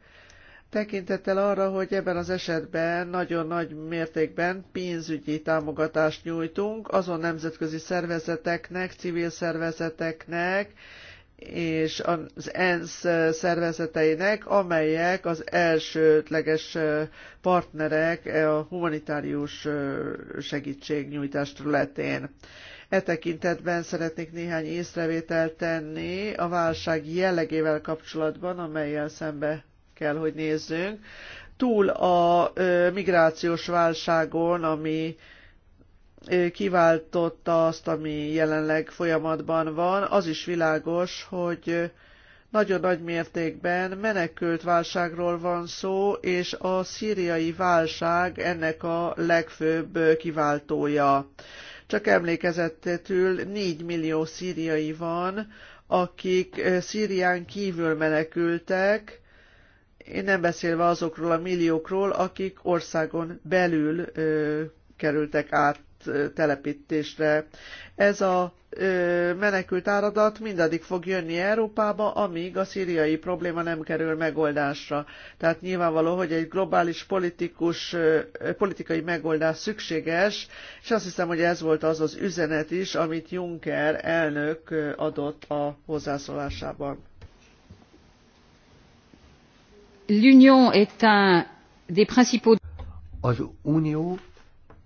tekintettel arra, hogy ebben az esetben nagyon nagy mértékben pénzügyi támogatást nyújtunk azon nemzetközi szervezeteknek, civil szervezeteknek, és az ENSZ szervezeteinek, amelyek az elsődleges partnerek a humanitárius segítségnyújtás területén. E tekintetben szeretnék néhány észrevételt tenni a válság jellegével kapcsolatban, amelyel szembe kell, hogy nézzünk. Túl a migrációs válságon, ami kiváltotta azt, ami jelenleg folyamatban van, az is világos, hogy nagyon nagy mértékben menekült válságról van szó, és a szíriai válság ennek a legfőbb kiváltója. Csak emlékezettetül 4 millió szíriai van, akik Szírián kívül menekültek, én nem beszélve azokról a milliókról, akik országon belül ö, kerültek át telepítésre. Ez a menekült áradat mindaddig fog jönni Európába, amíg a szíriai probléma nem kerül megoldásra. Tehát nyilvánvaló, hogy egy globális politikus, politikai megoldás szükséges, és azt hiszem, hogy ez volt az az üzenet is, amit Juncker elnök adott a hozzászólásában l'Union est un des principaux az Unió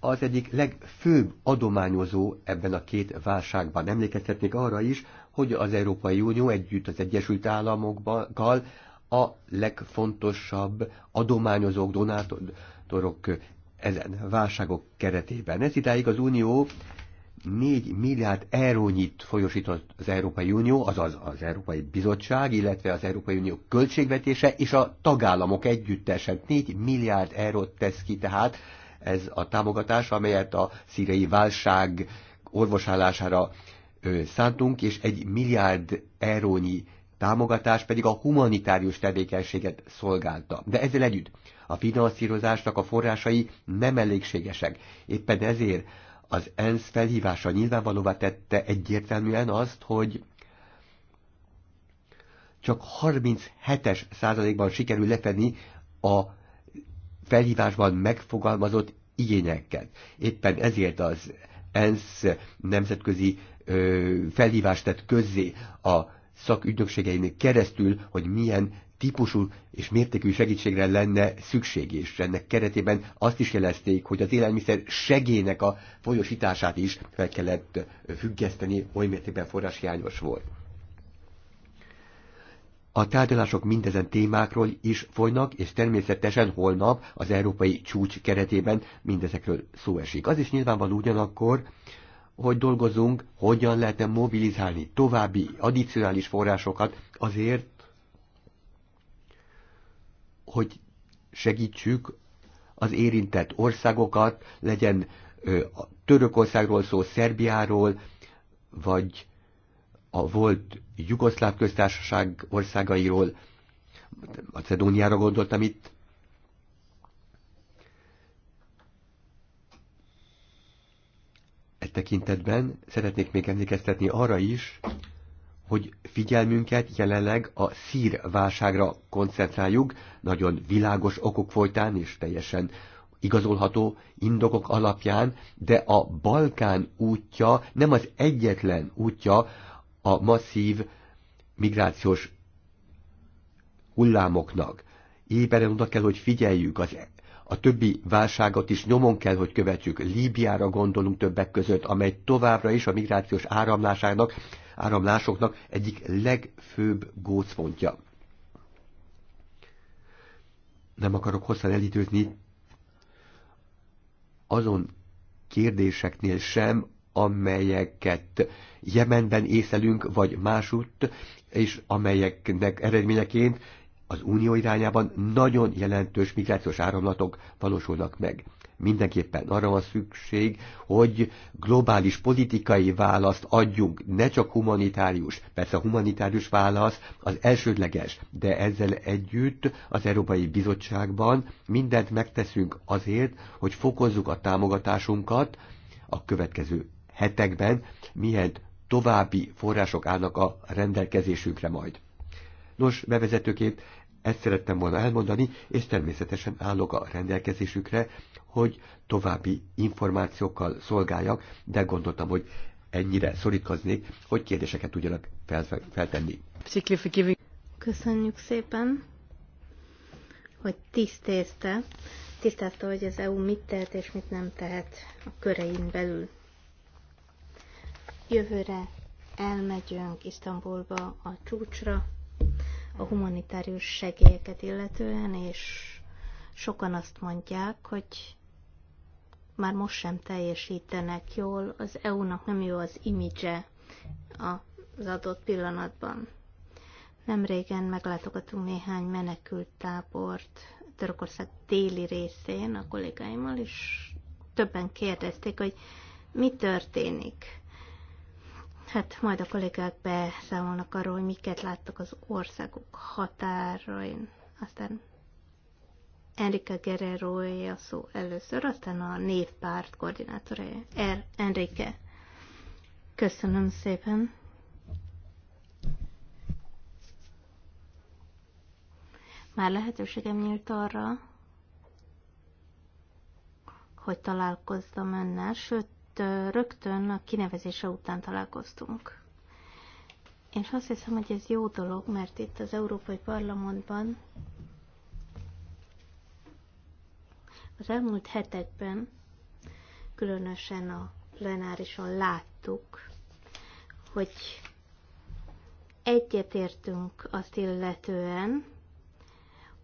az egyik legfőbb adományozó ebben a két válságban. Emlékeztetnék arra is, hogy az Európai Unió együtt az Egyesült Államokkal a legfontosabb adományozók, donátorok ezen válságok keretében. Ez idáig az Unió 4 milliárd eurónyit folyosított az Európai Unió, azaz az Európai Bizottság, illetve az Európai Unió költségvetése, és a tagállamok együttesen 4 milliárd eurót tesz ki, tehát ez a támogatás, amelyet a szírei válság orvosálására szántunk, és egy milliárd eurónyi támogatás pedig a humanitárius tevékenységet szolgálta. De ezzel együtt a finanszírozásnak a forrásai nem elégségesek. Éppen ezért az ENSZ felhívása nyilvánvalóvá tette egyértelműen azt, hogy csak 37-es százalékban sikerül lefedni a felhívásban megfogalmazott igényeket. Éppen ezért az ENSZ nemzetközi ö, felhívást tett közzé a szakügynökségeinek keresztül, hogy milyen típusú és mértékű segítségre lenne szükség, és ennek keretében azt is jelezték, hogy az élelmiszer segének a folyosítását is fel kellett függeszteni, oly mértékben forráshiányos volt. A tárgyalások mindezen témákról is folynak, és természetesen holnap az európai csúcs keretében mindezekről szó esik. Az is nyilvánvaló ugyanakkor, hogy dolgozunk, hogyan lehetne mobilizálni további addicionális forrásokat azért, hogy segítsük az érintett országokat, legyen Törökországról szó, Szerbiáról, vagy a volt Jugoszláv köztársaság országairól, Macedóniára gondoltam itt, E tekintetben szeretnék még emlékeztetni arra is, hogy figyelmünket jelenleg a szír válságra koncentráljuk, nagyon világos okok folytán és teljesen igazolható indokok alapján, de a Balkán útja nem az egyetlen útja a masszív migrációs hullámoknak. Éberen oda kell, hogy figyeljük az e- a többi válságot is nyomon kell, hogy követjük. Líbiára gondolunk többek között, amely továbbra is a migrációs áramlásának áramlásoknak egyik legfőbb gócpontja. Nem akarok hosszan elítőzni azon kérdéseknél sem, amelyeket Jemenben észelünk, vagy másútt, és amelyeknek eredményeként az unió irányában nagyon jelentős migrációs áramlatok valósulnak meg mindenképpen arra van szükség, hogy globális politikai választ adjunk, ne csak humanitárius. Persze a humanitárius válasz az elsődleges, de ezzel együtt az Európai Bizottságban mindent megteszünk azért, hogy fokozzuk a támogatásunkat a következő hetekben, mihet további források állnak a rendelkezésünkre majd. Nos, bevezetőként ezt szerettem volna elmondani, és természetesen állok a rendelkezésükre, hogy további információkkal szolgáljak, de gondoltam, hogy ennyire szorítkoznék, hogy kérdéseket tudjanak fel, feltenni. Köszönjük szépen, hogy tisztézte, tisztázta, hogy az EU mit tehet és mit nem tehet a körein belül. Jövőre elmegyünk Isztambulba a csúcsra, a humanitárius segélyeket illetően, és sokan azt mondják, hogy már most sem teljesítenek jól, az EU-nak nem jó az imidzse az adott pillanatban. Nem régen meglátogatunk néhány menekült tábort Törökország déli részén a kollégáimmal, és többen kérdezték, hogy mi történik. Hát majd a kollégák beszámolnak arról, hogy miket láttak az országok határain. Aztán Enrique guerrero a szó először, aztán a névpárt koordinátora er, Enrique. Köszönöm szépen. Már lehetőségem nyílt arra, hogy találkoztam önnel, sőt, rögtön a kinevezése után találkoztunk. És azt hiszem, hogy ez jó dolog, mert itt az Európai Parlamentban az elmúlt hetekben, különösen a plenárison láttuk, hogy egyetértünk azt illetően,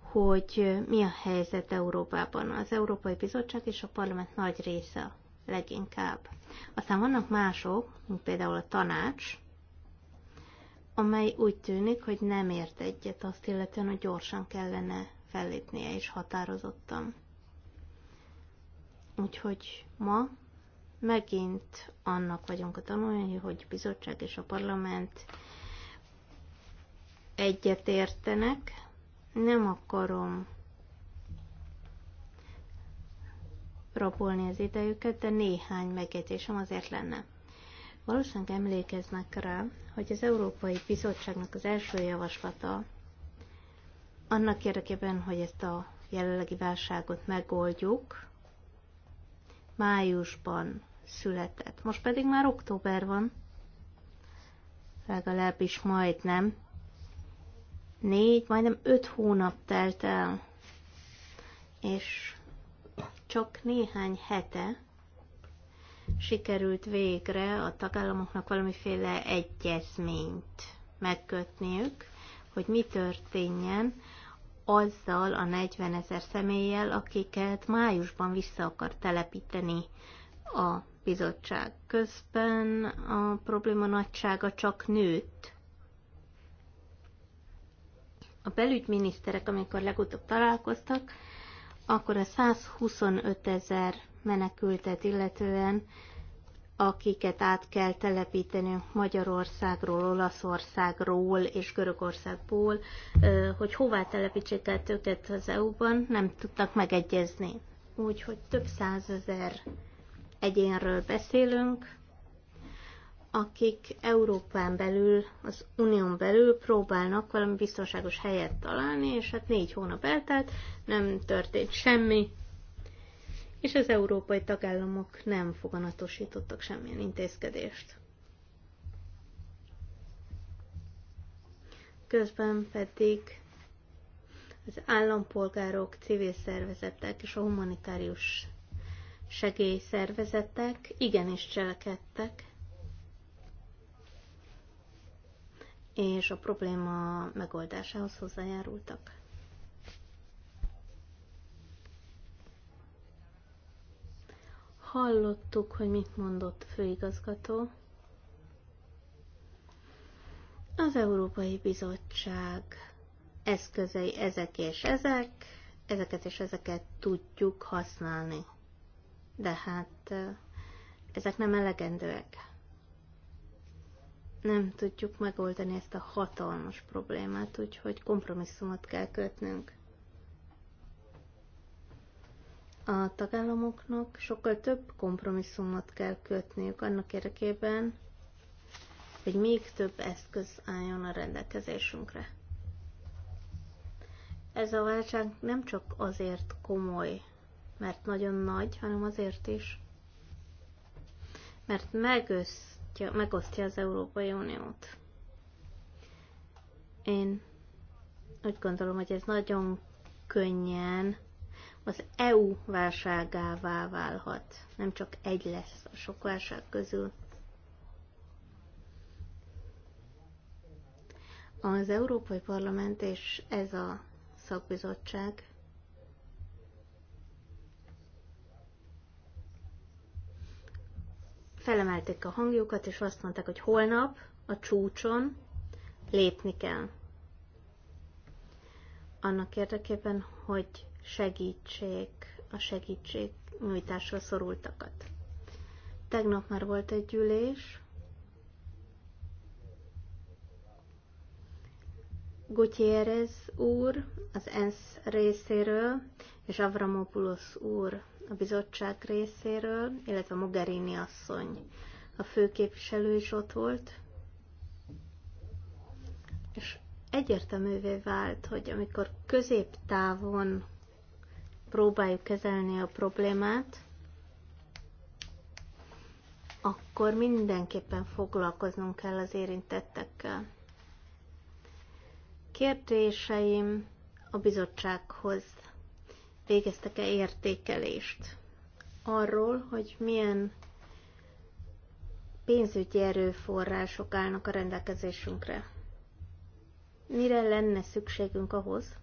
hogy mi a helyzet Európában. Az Európai Bizottság és a Parlament nagy része leginkább. Aztán vannak mások, mint például a tanács, amely úgy tűnik, hogy nem ért egyet azt illetően, hogy gyorsan kellene fellépnie és határozottan. Úgyhogy ma megint annak vagyunk a tanulmányai, hogy a bizottság és a parlament egyet értenek. Nem akarom rabolni az idejüket, de néhány megjegyzésem azért lenne. Valószínűleg emlékeznek rá, hogy az Európai Bizottságnak az első javaslata annak érdekében, hogy ezt a jelenlegi válságot megoldjuk, májusban született. Most pedig már október van, legalábbis majdnem. Négy, majdnem öt hónap telt el, és csak néhány hete sikerült végre a tagállamoknak valamiféle egyezményt megkötniük, hogy mi történjen azzal a 40 ezer személlyel, akiket májusban vissza akar telepíteni a bizottság. Közben a probléma nagysága csak nőtt. A belügyminiszterek, amikor legutóbb találkoztak, akkor a 125 ezer menekültet illetően, akiket át kell telepítenünk Magyarországról, Olaszországról és Görögországból, hogy hová telepítsék el őket az EU-ban, nem tudtak megegyezni. Úgyhogy több százezer egyénről beszélünk, akik Európán belül, az Unión belül próbálnak valami biztonságos helyet találni, és hát négy hónap eltelt, nem történt semmi, és az európai tagállamok nem foganatosítottak semmilyen intézkedést. Közben pedig az állampolgárok, civil szervezetek és a humanitárius segélyszervezetek igenis cselekedtek, és a probléma megoldásához hozzájárultak. Hallottuk, hogy mit mondott a főigazgató. Az Európai Bizottság eszközei ezek és ezek, ezeket és ezeket tudjuk használni. De hát eh, ezek nem elegendőek nem tudjuk megoldani ezt a hatalmas problémát, úgyhogy kompromisszumot kell kötnünk. A tagállamoknak sokkal több kompromisszumot kell kötniük annak érdekében, hogy még több eszköz álljon a rendelkezésünkre. Ez a válság nem csak azért komoly, mert nagyon nagy, hanem azért is, mert megössz megosztja, megosztja az Európai Uniót. Én úgy gondolom, hogy ez nagyon könnyen az EU válságává válhat. Nem csak egy lesz a sok válság közül. Az Európai Parlament és ez a szakbizottság felemelték a hangjukat, és azt mondták, hogy holnap a csúcson lépni kell. Annak érdekében, hogy segítsék a segítségnyújtásra szorultakat. Tegnap már volt egy gyűlés, Gutierrez úr az ENSZ részéről, és Avramopoulos úr a bizottság részéről, illetve Mogherini asszony. A főképviselő is ott volt, és egyértelművé vált, hogy amikor középtávon próbáljuk kezelni a problémát, akkor mindenképpen foglalkoznunk kell az érintettekkel. Kérdéseim a bizottsághoz végeztek-e értékelést arról, hogy milyen pénzügyi erőforrások állnak a rendelkezésünkre. Mire lenne szükségünk ahhoz,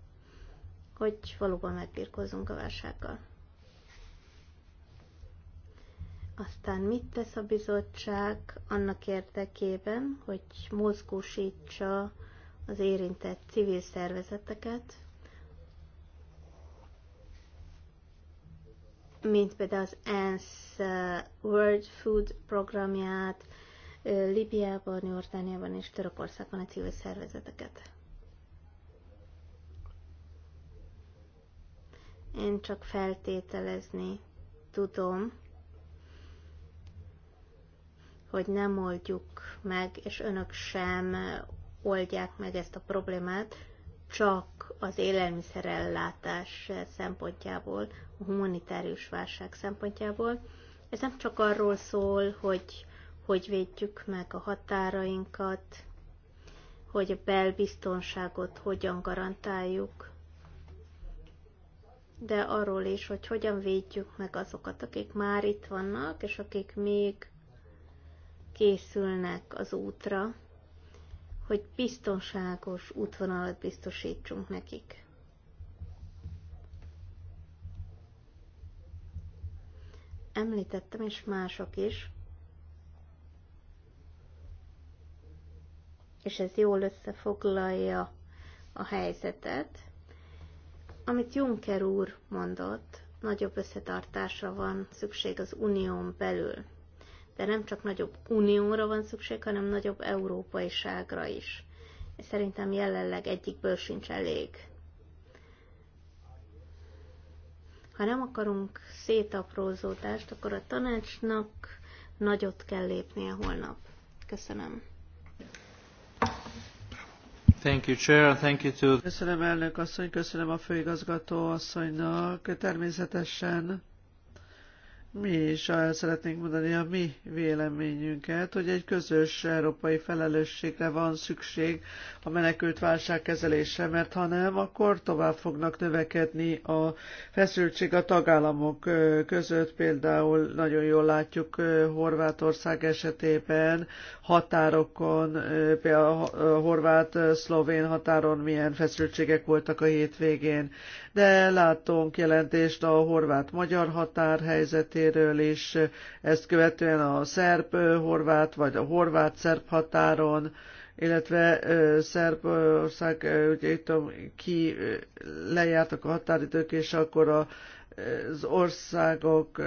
hogy valóban megbírkozzunk a válsággal. Aztán mit tesz a bizottság annak érdekében, hogy mozgósítsa az érintett civil szervezeteket, mint például az ENSZ uh, World Food programját, uh, Libiában, Jordániában és Törökországban a civil szervezeteket. Én csak feltételezni tudom, hogy nem oldjuk meg, és önök sem oldják meg ezt a problémát, csak az élelmiszerellátás szempontjából, a humanitárius válság szempontjából. Ez nem csak arról szól, hogy hogy védjük meg a határainkat, hogy a belbiztonságot hogyan garantáljuk, de arról is, hogy hogyan védjük meg azokat, akik már itt vannak, és akik még készülnek az útra, hogy biztonságos útvonalat biztosítsunk nekik. Említettem, és mások is, és ez jól összefoglalja a helyzetet. Amit Juncker úr mondott, nagyobb összetartásra van szükség az unión belül de nem csak nagyobb unióra van szükség, hanem nagyobb európai ságra is. És szerintem jelenleg egyikből sincs elég. Ha nem akarunk szétaprózódást, akkor a tanácsnak nagyot kell lépnie holnap. Köszönöm. Thank you, Chair. Thank you to... Köszönöm elnök asszony, köszönöm a főigazgató asszonynak. Természetesen mi is el szeretnénk mondani a mi véleményünket, hogy egy közös európai felelősségre van szükség a menekült válság kezelése, mert ha nem, akkor tovább fognak növekedni a feszültség a tagállamok között. Például nagyon jól látjuk Horvátország esetében határokon, például a horvát-szlovén határon milyen feszültségek voltak a hétvégén. De látunk jelentést a horvát-magyar határ helyzetében, részéről is, ezt követően a szerb-horvát vagy a horvát-szerb határon, illetve Szerbország, ugye itt ki lejártak a határidők, és akkor a az országok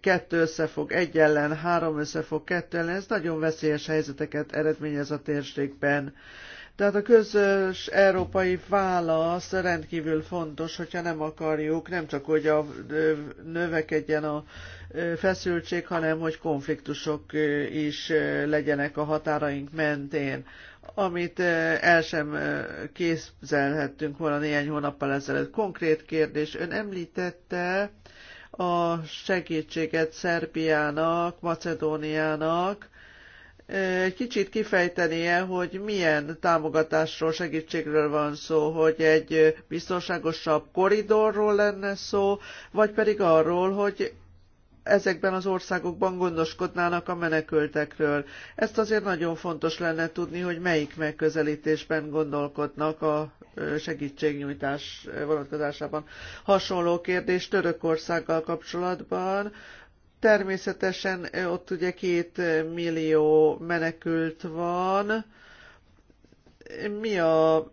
kettő összefog egy ellen, három összefog kettő ellen, ez nagyon veszélyes helyzeteket eredményez a térségben. Tehát a közös európai válasz rendkívül fontos, hogyha nem akarjuk, nem csak hogy a, növekedjen a feszültség, hanem hogy konfliktusok is legyenek a határaink mentén amit el sem képzelhettünk volna néhány hónappal ezelőtt. Konkrét kérdés, ön említette a segítséget Szerbiának, Macedóniának, egy kicsit kifejtenie, hogy milyen támogatásról, segítségről van szó, hogy egy biztonságosabb koridorról lenne szó, vagy pedig arról, hogy ezekben az országokban gondoskodnának a menekültekről. Ezt azért nagyon fontos lenne tudni, hogy melyik megközelítésben gondolkodnak a segítségnyújtás vonatkozásában. Hasonló kérdés Törökországgal kapcsolatban, Természetesen ott ugye két millió menekült van. Mi a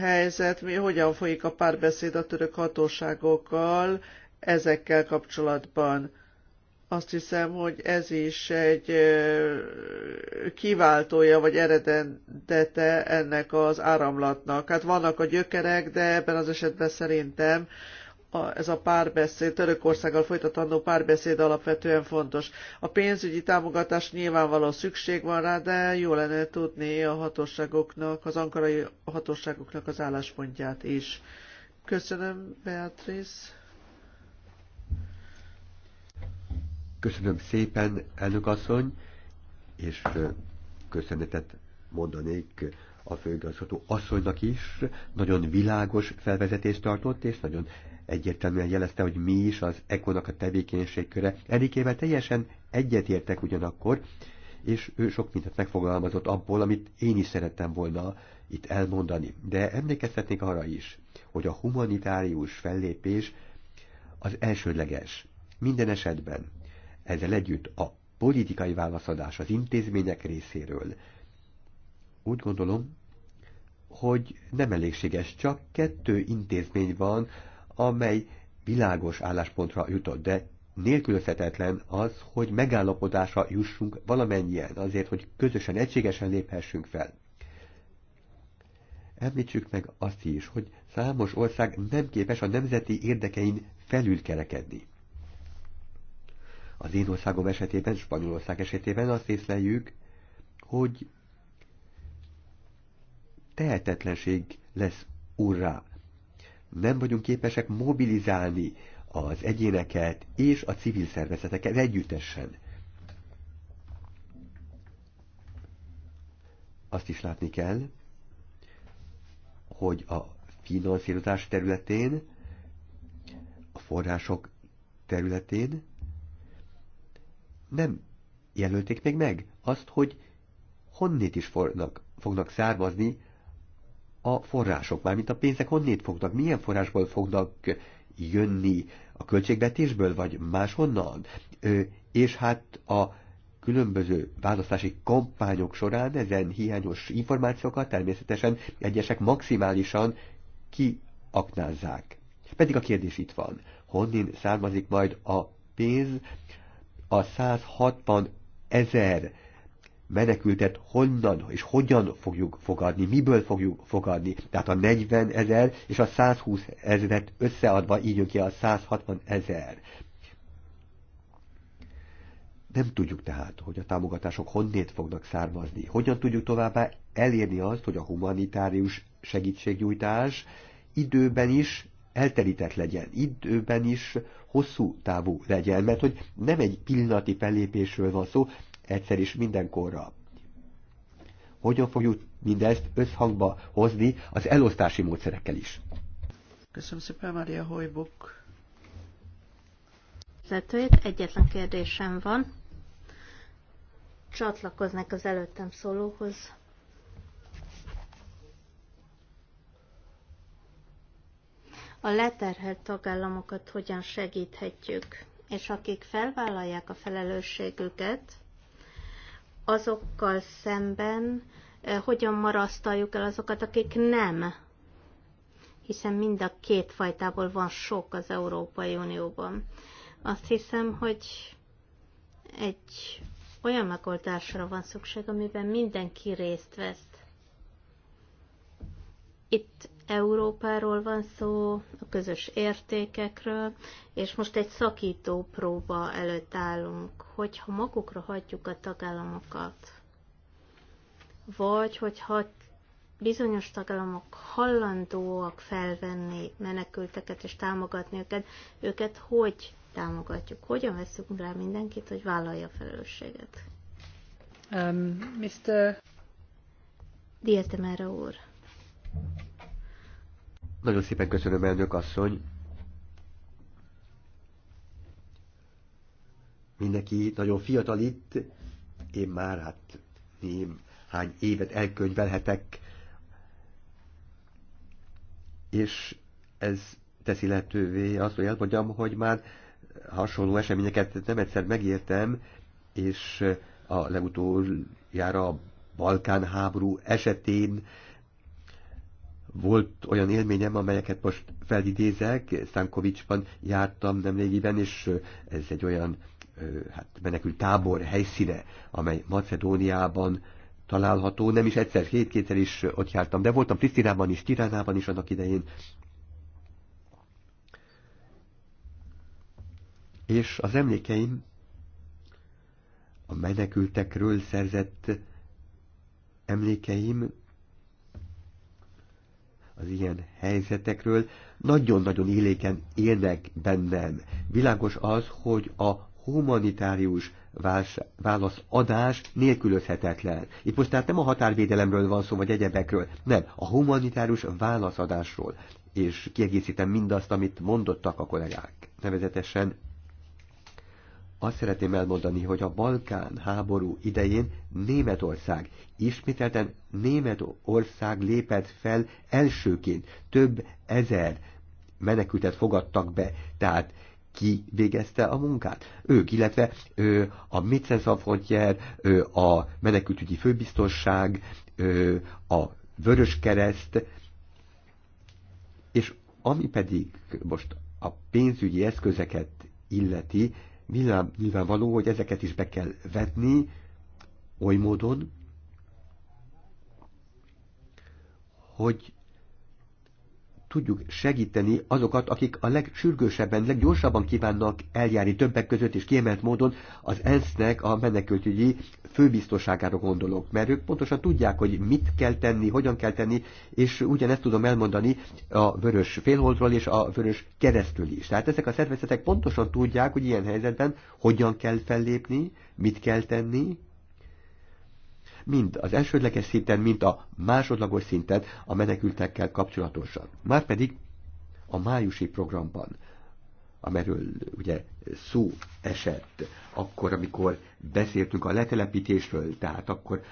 helyzet, mi, hogyan folyik a párbeszéd a török hatóságokkal ezekkel kapcsolatban? Azt hiszem, hogy ez is egy kiváltója vagy eredendete ennek az áramlatnak. Hát vannak a gyökerek, de ebben az esetben szerintem a, ez a párbeszéd, Törökországgal folytatandó párbeszéd alapvetően fontos. A pénzügyi támogatás nyilvánvaló szükség van rá, de jó lenne tudni a hatóságoknak, az ankarai hatóságoknak az álláspontját is. Köszönöm, Beatrice. Köszönöm szépen, elnök asszony, és köszönetet mondanék a főigazgató asszonynak is nagyon világos felvezetést tartott, és nagyon egyértelműen jelezte, hogy mi is az ECO-nak a tevékenységköre. Erikével teljesen egyetértek ugyanakkor, és ő sok mindent megfogalmazott abból, amit én is szerettem volna itt elmondani. De emlékeztetnék arra is, hogy a humanitárius fellépés az elsődleges. Minden esetben ezzel együtt a politikai válaszadás az intézmények részéről. Úgy gondolom, hogy nem elégséges, csak kettő intézmény van, amely világos álláspontra jutott, de nélkülözhetetlen az, hogy megállapodásra jussunk valamennyien, azért, hogy közösen, egységesen léphessünk fel. Említsük meg azt is, hogy számos ország nem képes a nemzeti érdekein felülkerekedni. Az én országom esetében, Spanyolország esetében azt észleljük, hogy tehetetlenség lesz urrá nem vagyunk képesek mobilizálni az egyéneket és a civil szervezeteket együttesen. Azt is látni kell, hogy a finanszírozás területén, a források területén nem jelölték még meg azt, hogy honnét is fognak származni a források, mármint a pénzek honnét fognak, milyen forrásból fognak jönni, a költségvetésből, vagy máshonnan. És hát a különböző választási kampányok során ezen hiányos információkat természetesen egyesek maximálisan kiaknázzák. Pedig a kérdés itt van. Honnin származik majd a pénz a 160 ezer menekültet honnan és hogyan fogjuk fogadni, miből fogjuk fogadni. Tehát a 40 ezer és a 120 ezeret összeadva így jön ki a 160 ezer. Nem tudjuk tehát, hogy a támogatások honnét fognak származni. Hogyan tudjuk továbbá elérni azt, hogy a humanitárius segítségnyújtás időben is elterített legyen, időben is hosszú távú legyen, mert hogy nem egy pillanati fellépésről van szó, egyszer is mindenkorra. Hogyan fogjuk mindezt összhangba hozni az elosztási módszerekkel is? Köszönöm szépen, Mária Hojbuk. Zetőjét, egyetlen kérdésem van. Csatlakoznak az előttem szólóhoz. a leterhelt tagállamokat hogyan segíthetjük, és akik felvállalják a felelősségüket, azokkal szemben eh, hogyan marasztaljuk el azokat, akik nem. Hiszen mind a két fajtából van sok az Európai Unióban. Azt hiszem, hogy egy olyan megoldásra van szükség, amiben mindenki részt vesz. Itt Európáról van szó, a közös értékekről, és most egy szakító próba előtt állunk, hogyha magukra hagyjuk a tagállamokat, vagy hogyha bizonyos tagállamok hallandóak felvenni menekülteket és támogatni őket, őket hogy támogatjuk? Hogyan veszünk rá mindenkit, hogy vállalja a felelősséget? Um, Mr. Dieztemere úr. Nagyon szépen köszönöm, elnök asszony. Mindenki nagyon fiatal itt, én már hát ném, hány évet elkönyvelhetek, és ez teszi lehetővé azt, hogy elmondjam, hogy már hasonló eseményeket nem egyszer megértem, és a legutoljára a Balkán háború esetén volt olyan élményem, amelyeket most felidézek, Szankovicsban jártam nemrégiben, és ez egy olyan hát menekült tábor helyszíne, amely Macedóniában található, nem is egyszer, két-kétszer is ott jártam, de voltam Prisztinában is, Tiránában is annak idején. És az emlékeim a menekültekről szerzett emlékeim az ilyen helyzetekről, nagyon-nagyon éléken élnek bennem. Világos az, hogy a humanitárius válaszadás nélkülözhetetlen. Itt most tehát nem a határvédelemről van szó, vagy egyebekről, nem, a humanitárius válaszadásról. És kiegészítem mindazt, amit mondottak a kollégák, nevezetesen azt szeretném elmondani, hogy a Balkán háború idején Németország, ismételten Németország lépett fel elsőként. Több ezer menekültet fogadtak be, tehát ki végezte a munkát? Ők, illetve ő a Mitzenszan Frontier, ő a menekültügyi főbiztosság, ő, a Vörös Kereszt, és ami pedig most a pénzügyi eszközeket illeti, nyilvánvaló, hogy ezeket is be kell vetni oly módon, hogy tudjuk segíteni azokat, akik a legsürgősebben, leggyorsabban kívánnak eljárni többek között és kiemelt módon az ENSZ-nek a menekültügyi főbiztosságára gondolok, mert ők pontosan tudják, hogy mit kell tenni, hogyan kell tenni, és ugyanezt tudom elmondani a vörös félholdról és a vörös keresztül is. Tehát ezek a szervezetek pontosan tudják, hogy ilyen helyzetben hogyan kell fellépni, mit kell tenni, mind az elsődleges szinten, mind a másodlagos szinten a menekültekkel kapcsolatosan. Márpedig a májusi programban, amiről ugye szó esett, akkor, amikor beszéltünk a letelepítésről, tehát akkor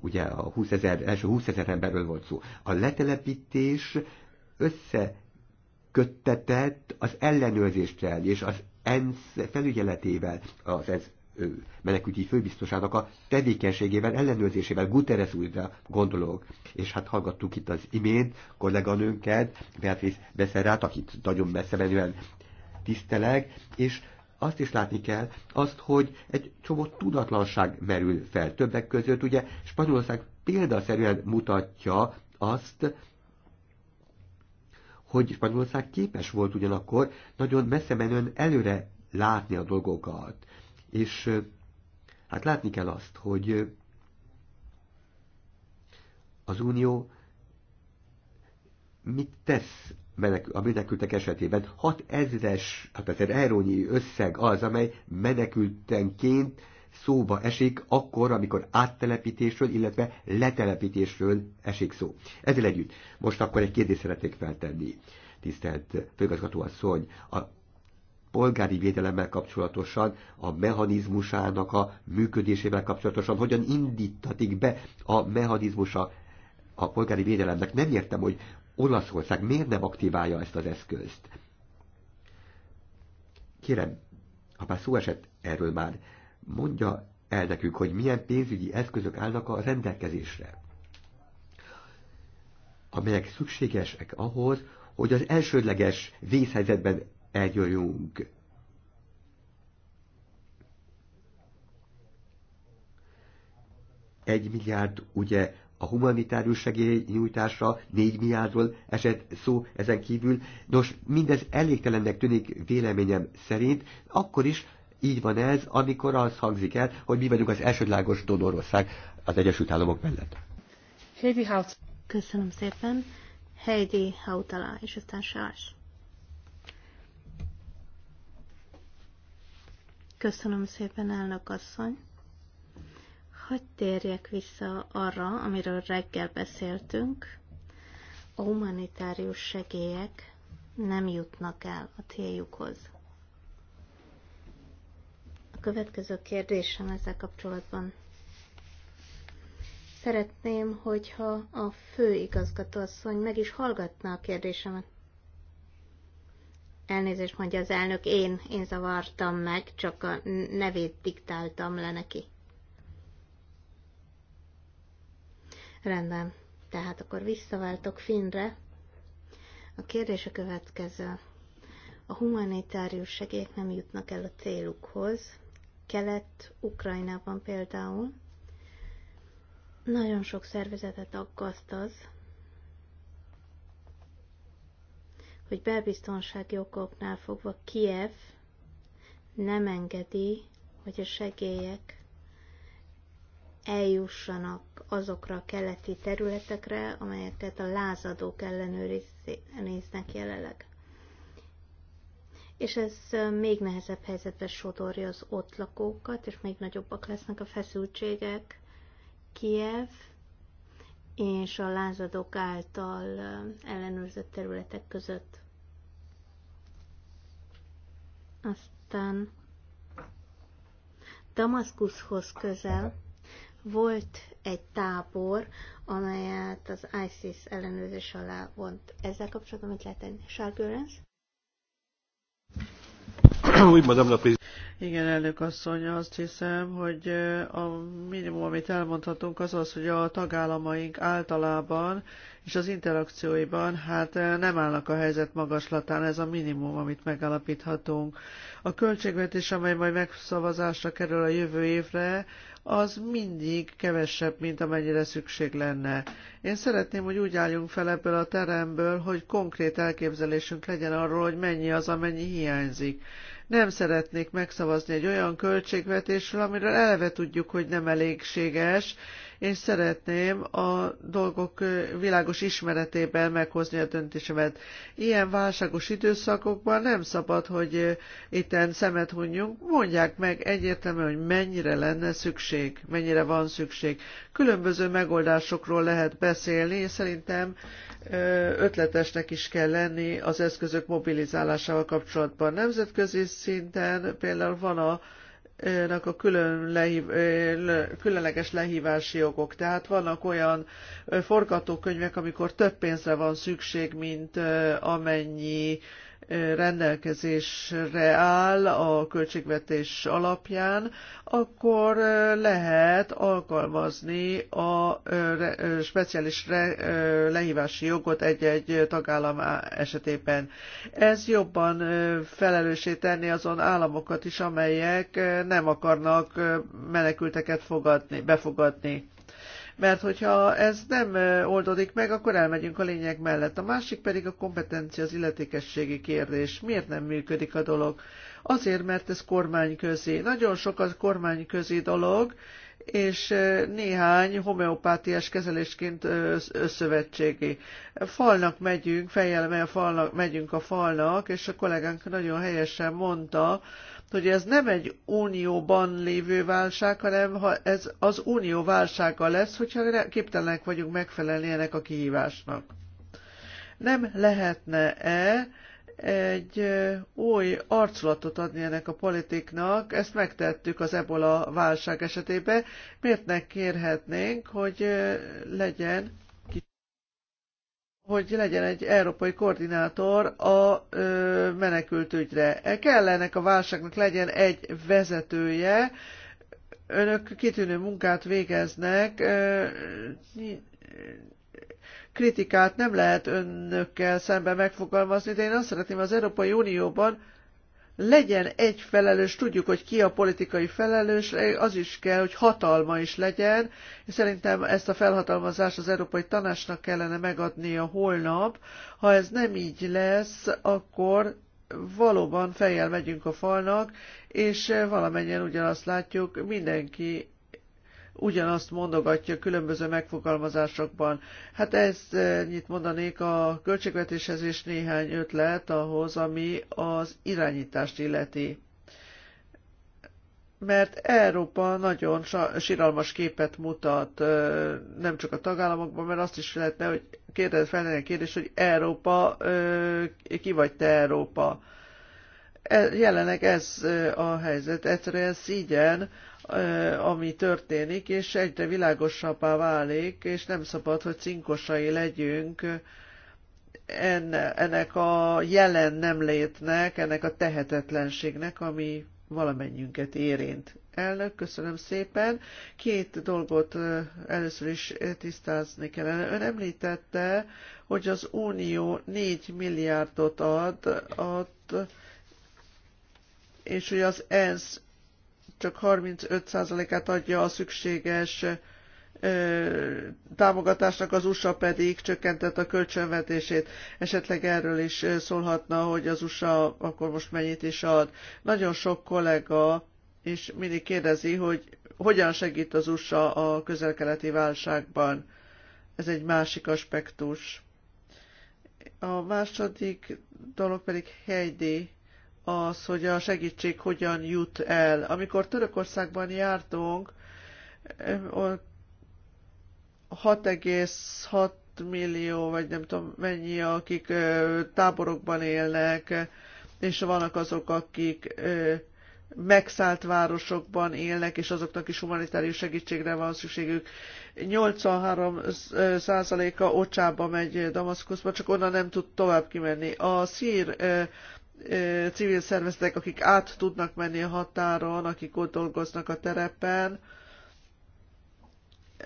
ugye a 20 ezer, első 20 ezer emberről volt szó. A letelepítés összeköttetett az ellenőrzéssel és az ENSZ felügyeletével, az ENSZ menekülti főbiztosának a tevékenységével, ellenőrzésével, Guterres újra gondolok. És hát hallgattuk itt az imént kolléganőnket, Beatrice Beszerát, akit nagyon messze menően tiszteleg, és azt is látni kell, azt, hogy egy csomó tudatlanság merül fel. Többek között ugye Spanyolország példaszerűen mutatja azt, hogy Spanyolország képes volt ugyanakkor nagyon messze menően előre látni a dolgokat és hát látni kell azt, hogy az Unió mit tesz a menekültek esetében. 6 ezres, hát azért eurónyi összeg az, amely menekültenként szóba esik akkor, amikor áttelepítésről, illetve letelepítésről esik szó. Ezzel együtt most akkor egy kérdést szeretnék feltenni, tisztelt főgazgató asszony. A polgári védelemmel kapcsolatosan, a mechanizmusának a működésével kapcsolatosan, hogyan indítatik be a mechanizmusa a polgári védelemnek. Nem értem, hogy Olaszország miért nem aktiválja ezt az eszközt. Kérem, ha már szó esett erről már, mondja el nekünk, hogy milyen pénzügyi eszközök állnak a rendelkezésre, amelyek szükségesek ahhoz, hogy az elsődleges vészhelyzetben eljöjjünk. Egy milliárd ugye a humanitárius segélynyújtásra négy milliárdról esett szó ezen kívül. Nos, mindez elégtelennek tűnik véleményem szerint, akkor is így van ez, amikor az hangzik el, hogy mi vagyunk az elsődlágos donorország az Egyesült Államok mellett. Heidi Haut. Köszönöm szépen. Heidi Hautala, és aztán Sárs. Köszönöm szépen, elnök asszony. Hagy térjek vissza arra, amiről reggel beszéltünk. A humanitárius segélyek nem jutnak el a céljukhoz. A következő kérdésem ezzel kapcsolatban. Szeretném, hogyha a főigazgató asszony meg is hallgatná a kérdésemet. Elnézést mondja az elnök, én, én zavartam meg, csak a nevét diktáltam le neki. Rendben, tehát akkor visszaváltok Finre. A kérdés a következő. A humanitárius segélyek nem jutnak el a célukhoz. Kelet-Ukrajnában például nagyon sok szervezetet aggaszt az, hogy belbiztonsági okoknál fogva Kiev nem engedi, hogy a segélyek eljussanak azokra a keleti területekre, amelyeket a lázadók ellenőriznek jelenleg. És ez még nehezebb helyzetbe sodorja az ott lakókat, és még nagyobbak lesznek a feszültségek. Kiev és a lázadók által ellenőrzött területek között. Aztán Damaszkuszhoz közel volt egy tábor, amelyet az ISIS ellenőrzés alá vont. Ezzel kapcsolatban mit lehet tenni? Sárgőrensz? Igen, elnök asszony, azt hiszem, hogy eh, a minimum, amit elmondhatunk, az az, hogy a tagállamaink általában és az interakcióiban hát eh, nem állnak a helyzet magaslatán, ez a minimum, amit megállapíthatunk. A költségvetés, amely majd megszavazásra kerül a jövő évre, az mindig kevesebb, mint amennyire szükség lenne. Én szeretném, hogy úgy álljunk fel ebből a teremből, hogy konkrét elképzelésünk legyen arról, hogy mennyi az, amennyi hiányzik nem szeretnék megszavazni egy olyan költségvetésről, amiről eleve tudjuk, hogy nem elégséges, én szeretném a dolgok világos ismeretében meghozni a döntésemet. Ilyen válságos időszakokban nem szabad, hogy itten szemet hunyjunk, mondják meg egyértelműen, hogy mennyire lenne szükség, mennyire van szükség. Különböző megoldásokról lehet beszélni, és szerintem ötletesnek is kell lenni az eszközök mobilizálásával kapcsolatban. Nemzetközi szinten például van a vannak a külön lehív, különleges lehívási jogok. Tehát vannak olyan forgatókönyvek, amikor több pénzre van szükség, mint amennyi rendelkezésre áll a költségvetés alapján, akkor lehet alkalmazni a speciális lehívási jogot egy-egy tagállam esetében. Ez jobban felelősé tenni azon államokat is, amelyek nem akarnak menekülteket fogadni, befogadni mert hogyha ez nem oldódik meg, akkor elmegyünk a lényeg mellett. A másik pedig a kompetencia, az illetékességi kérdés. Miért nem működik a dolog? Azért, mert ez kormányközi. Nagyon sok az kormányközi dolog, és néhány homeopátiás kezelésként összövetségi. Falnak megyünk, fejjel megyünk a falnak, és a kollégánk nagyon helyesen mondta, hogy ez nem egy unióban lévő válság, hanem ha ez az unió válsága lesz, hogyha képtelenek vagyunk megfelelni ennek a kihívásnak. Nem lehetne-e egy új arculatot adni ennek a politiknak, ezt megtettük az ebola válság esetében, miért ne kérhetnénk, hogy legyen hogy legyen egy európai koordinátor a ö, menekültügyre. E, Kell ennek a válságnak legyen egy vezetője, önök kitűnő munkát végeznek, kritikát nem lehet önökkel szemben megfogalmazni, de én azt szeretném az Európai Unióban, legyen egy felelős, tudjuk, hogy ki a politikai felelős, az is kell, hogy hatalma is legyen, és szerintem ezt a felhatalmazást az Európai Tanácsnak kellene megadnia holnap. Ha ez nem így lesz, akkor valóban fejjel megyünk a falnak, és valamennyien ugyanazt látjuk, mindenki ugyanazt mondogatja különböző megfogalmazásokban. Hát ezt nyit mondanék a költségvetéshez és néhány ötlet ahhoz, ami az irányítást illeti. Mert Európa nagyon síralmas képet mutat, nem csak a tagállamokban, mert azt is lehetne, hogy kérdez fel a kérdés, hogy Európa, ki vagy te Európa? E, jelenleg ez a helyzet, egyszerűen szígyen, ami történik, és egyre világosabbá válik, és nem szabad, hogy cinkosai legyünk ennek a jelen nem létnek, ennek a tehetetlenségnek, ami valamennyünket érint. Elnök, köszönöm szépen. Két dolgot először is tisztázni kellene. Ön említette, hogy az Unió 4 milliárdot ad, ad és hogy az ENSZ csak 35%-át adja a szükséges támogatásnak, az USA pedig csökkentett a kölcsönvetését. Esetleg erről is szólhatna, hogy az USA akkor most mennyit is ad. Nagyon sok kollega és mindig kérdezi, hogy hogyan segít az USA a közelkeleti válságban. Ez egy másik aspektus. A második dolog pedig Heidi az, hogy a segítség hogyan jut el. Amikor Törökországban jártunk, 6,6 millió, vagy nem tudom mennyi, akik táborokban élnek, és vannak azok, akik megszállt városokban élnek, és azoknak is humanitárius segítségre van szükségük. 83 százaléka Ocsába megy Damaszkuszba, csak onnan nem tud tovább kimenni. A szír civil szervezetek, akik át tudnak menni a határon, akik ott dolgoznak a terepen,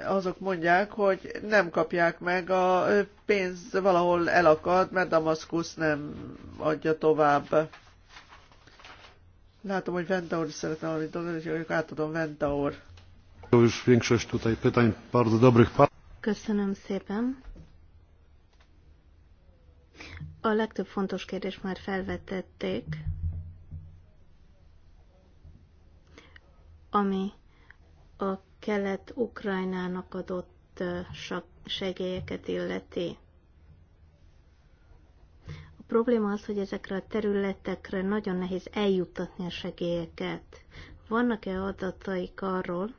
azok mondják, hogy nem kapják meg, a pénz valahol elakad, mert Damaszkusz nem adja tovább. Látom, hogy Venta úr is szeretne valamit dolgozni, úgyhogy átadom Venta úr. Köszönöm szépen. A legtöbb fontos kérdést már felvetették, ami a kelet-ukrajnának adott segélyeket illeti. A probléma az, hogy ezekre a területekre nagyon nehéz eljuttatni a segélyeket. Vannak-e adataik arról,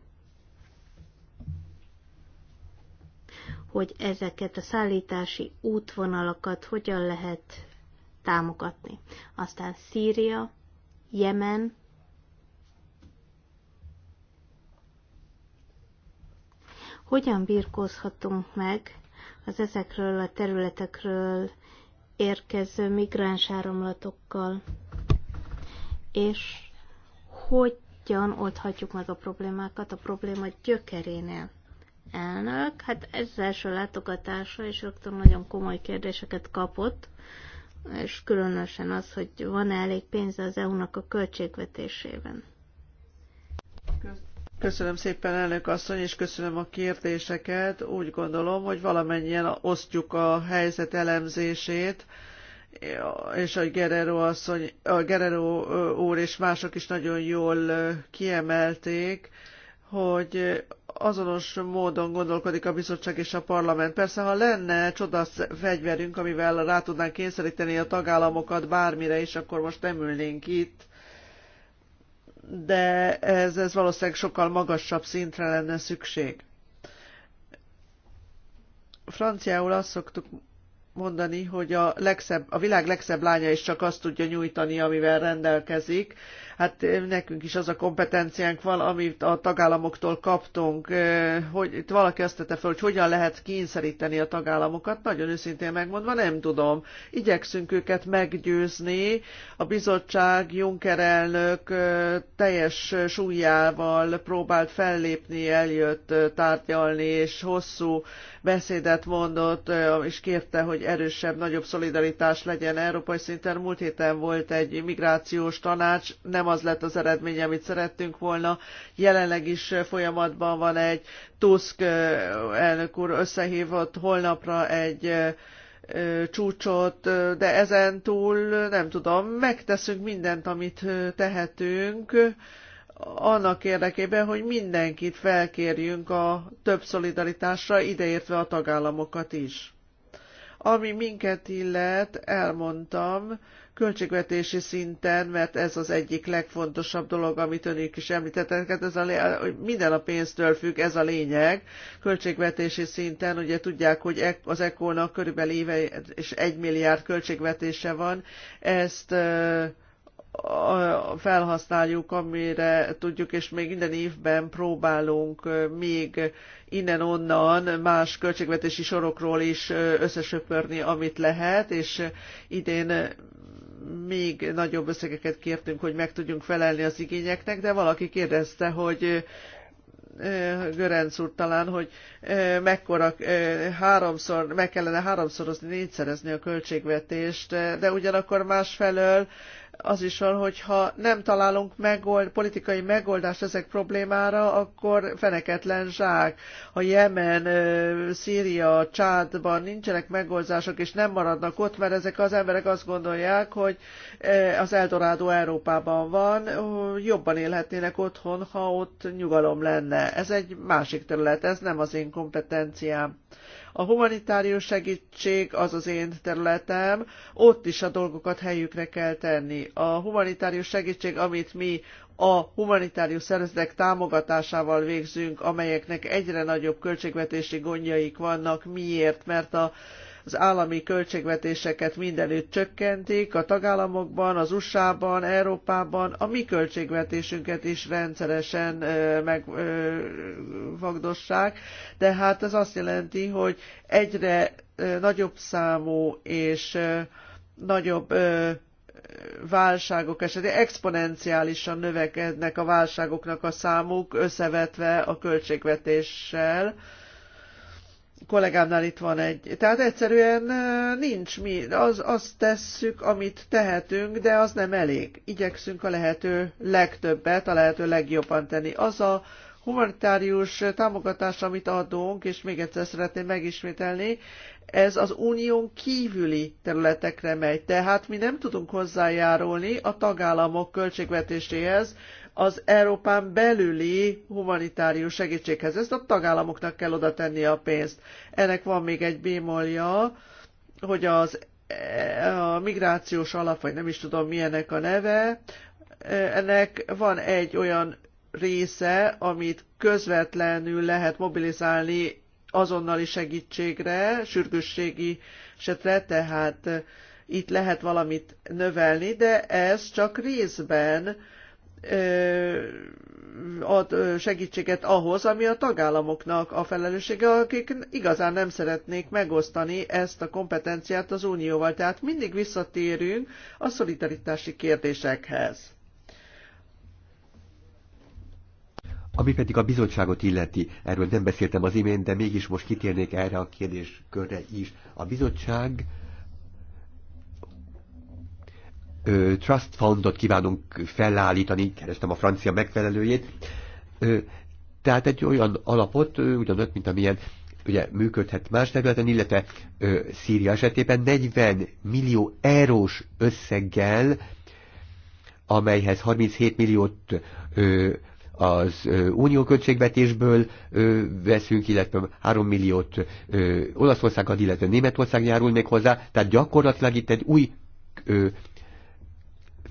hogy ezeket a szállítási útvonalakat hogyan lehet támogatni. Aztán Szíria, Jemen, hogyan birkózhatunk meg az ezekről a területekről érkező migráns áramlatokkal, és hogyan oldhatjuk meg a problémákat a probléma gyökerénél elnök. Hát ez az első látogatása, és rögtön nagyon komoly kérdéseket kapott, és különösen az, hogy van-e elég pénze az EU-nak a költségvetésében. Köszönöm szépen, elnök asszony, és köszönöm a kérdéseket. Úgy gondolom, hogy valamennyien osztjuk a helyzet elemzését, és a Gerero, asszony, a Gerero úr és mások is nagyon jól kiemelték hogy azonos módon gondolkodik a bizottság és a parlament. Persze, ha lenne csodasz fegyverünk, amivel rá tudnánk kényszeríteni a tagállamokat bármire is, akkor most nem ülnénk itt. De ez, ez valószínűleg sokkal magasabb szintre lenne szükség. Franciául azt szoktuk mondani, hogy a, legszebb, a világ legszebb lánya is csak azt tudja nyújtani, amivel rendelkezik hát nekünk is az a kompetenciánk van, amit a tagállamoktól kaptunk, hogy itt valaki azt tette fel, hogy hogyan lehet kényszeríteni a tagállamokat, nagyon őszintén megmondva nem tudom. Igyekszünk őket meggyőzni, a bizottság Juncker elnök teljes súlyával próbált fellépni, eljött tárgyalni, és hosszú beszédet mondott, és kérte, hogy erősebb, nagyobb szolidaritás legyen európai szinten. Múlt héten volt egy migrációs tanács, nem az lett az eredmény, amit szerettünk volna. Jelenleg is folyamatban van egy Tusk elnök úr összehívott holnapra egy csúcsot, de ezen túl nem tudom, megteszünk mindent, amit tehetünk annak érdekében, hogy mindenkit felkérjünk a több szolidaritásra, ideértve a tagállamokat is. Ami minket illet, elmondtam, költségvetési szinten, mert ez az egyik legfontosabb dolog, amit önök is említettek, hát ez a, hogy minden a pénztől függ, ez a lényeg. Költségvetési szinten ugye tudják, hogy e- az ECO-nak körülbelül éve és egy milliárd költségvetése van, ezt felhasználjuk, amire tudjuk, és még minden évben próbálunk még innen-onnan más költségvetési sorokról is összesöpörni, amit lehet, és idén még nagyobb összegeket kértünk, hogy meg tudjunk felelni az igényeknek, de valaki kérdezte, hogy Görenc úr talán, hogy mekkora háromszor, meg kellene háromszorozni, négyszerezni a költségvetést, de ugyanakkor másfelől az is van, hogy ha nem találunk megold, politikai megoldást ezek problémára, akkor feneketlen zsák. Ha Jemen, Szíria, Csádban nincsenek megoldások, és nem maradnak ott, mert ezek az emberek azt gondolják, hogy az Eldorádó Európában van, jobban élhetnének otthon, ha ott nyugalom lenne. Ez egy másik terület, ez nem az én kompetenciám. A humanitárius segítség az az én területem, ott is a dolgokat helyükre kell tenni. A humanitárius segítség, amit mi a humanitárius szervezetek támogatásával végzünk, amelyeknek egyre nagyobb költségvetési gondjaik vannak. Miért? Mert a az állami költségvetéseket mindenütt csökkentik, a tagállamokban, az USA-ban, Európában, a mi költségvetésünket is rendszeresen megvagdossák, de hát ez azt jelenti, hogy egyre nagyobb számú és nagyobb válságok esetén exponenciálisan növekednek a válságoknak a számuk összevetve a költségvetéssel, kollégámnál itt van egy. Tehát egyszerűen nincs mi, az, azt tesszük, amit tehetünk, de az nem elég. Igyekszünk a lehető legtöbbet, a lehető legjobban tenni. Az a humanitárius támogatás, amit adunk, és még egyszer szeretném megismételni, ez az unión kívüli területekre megy. Tehát mi nem tudunk hozzájárulni a tagállamok költségvetéséhez, az Európán belüli humanitárius segítséghez. Ezt a tagállamoknak kell oda tenni a pénzt. Ennek van még egy bémolja, hogy az a migrációs alap, vagy nem is tudom milyenek a neve, ennek van egy olyan része, amit közvetlenül lehet mobilizálni azonnali segítségre, sürgősségi esetre, tehát itt lehet valamit növelni, de ez csak részben ad segítséget ahhoz, ami a tagállamoknak a felelőssége, akik igazán nem szeretnék megosztani ezt a kompetenciát az unióval. Tehát mindig visszatérünk a szolidaritási kérdésekhez. Ami pedig a bizottságot illeti, erről nem beszéltem az imént, de mégis most kitérnék erre a kérdéskörre is. A bizottság ö, trust fundot kívánunk felállítani, kerestem a francia megfelelőjét, ö, tehát egy olyan alapot, ö, ugyanott, mint amilyen ugye működhet más területen, illetve ö, Szíria esetében 40 millió eurós összeggel, amelyhez 37 milliót ö, az unió költségvetésből ö, veszünk, illetve 3 milliót Olaszország ad, illetve Németország járul még hozzá, tehát gyakorlatilag itt egy új ö,